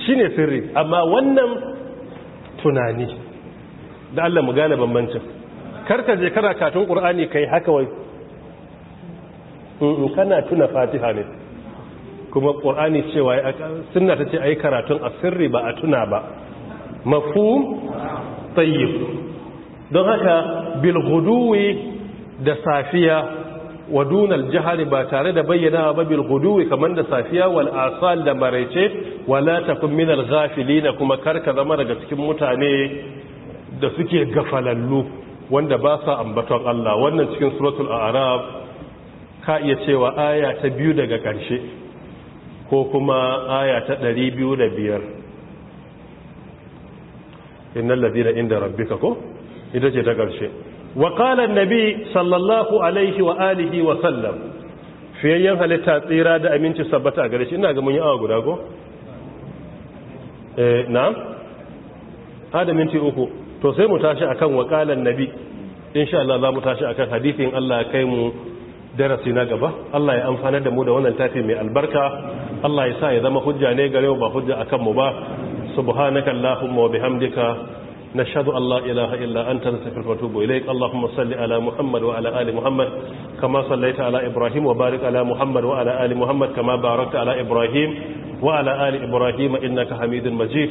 shine sirri amma wannan tunani da Allah mu gane bambancin karka je kana katun qur'ani kai haka wai in kana tuna fatiha ne kuma ƙur'ani cewa sunna a yi karatun a sirri ba a tuna ba Mafu tsayi don haka bil da safiya Wadunal dunal jihari ba tare da bayyana ba bil guduwi kamar da safiya wal asal da maraice wala takun minal ghafilina kuma karka zama daga cikin mutane da suke gafalallu wanda ba sa ambaton Allah wannan cikin suratul a'raf ka iya cewa aya ta biyu daga ƙarshe ko kuma aya ta 205 innal ladina inda rabbika ko ita ce ta ƙarshe وقال النبي صلى الله عليه واله وسلم في ايام هلتا تيرا دا امينتي سبتا غريش ina ga yi awa guda go eh na'am hada minti uku to sai mu tashi akan waqalan nabi insha Allah za mu tashi akan hadisin Allah ya kai mu darasi na gaba Allah ya amfana da mu da wannan tafi mai albarka Allah ya sa ya zama hujja ne gare mu ba hujja akan mu ba subhanakallahumma wa bihamdika نشهد أن لا إله إلا أنت نستغفرك ونتوب إليك اللهم صل على محمد وعلى آل محمد كما صليت على إبراهيم وبارك على محمد وعلى آل محمد كما باركت على إبراهيم وعلى آل إبراهيم إنك حميد مجيد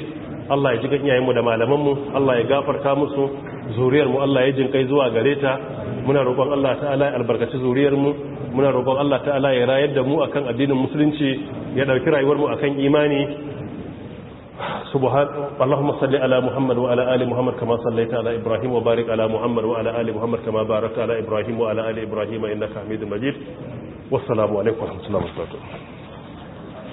Allah ya ji da malamanmu Allah ya gafarta musu zuriyarmu Allah ya jin kai zuwa gare ta muna roƙon Allah ta'ala ya albarkaci zuriyarmu muna roƙon Allah ta'ala ya rayar da mu akan addinin musulunci ya ɗauki rayuwarmu akan imani Allahumma salli ala Muhammad wa ala ali Muhammad kama sallaita ala Ibrahim wa barik ala Muhammad wa ala ali Muhammad kama baraka ala Ibrahim wa ala ali Ibrahim innaka Hamidum Majid. wa rahmatullahi wa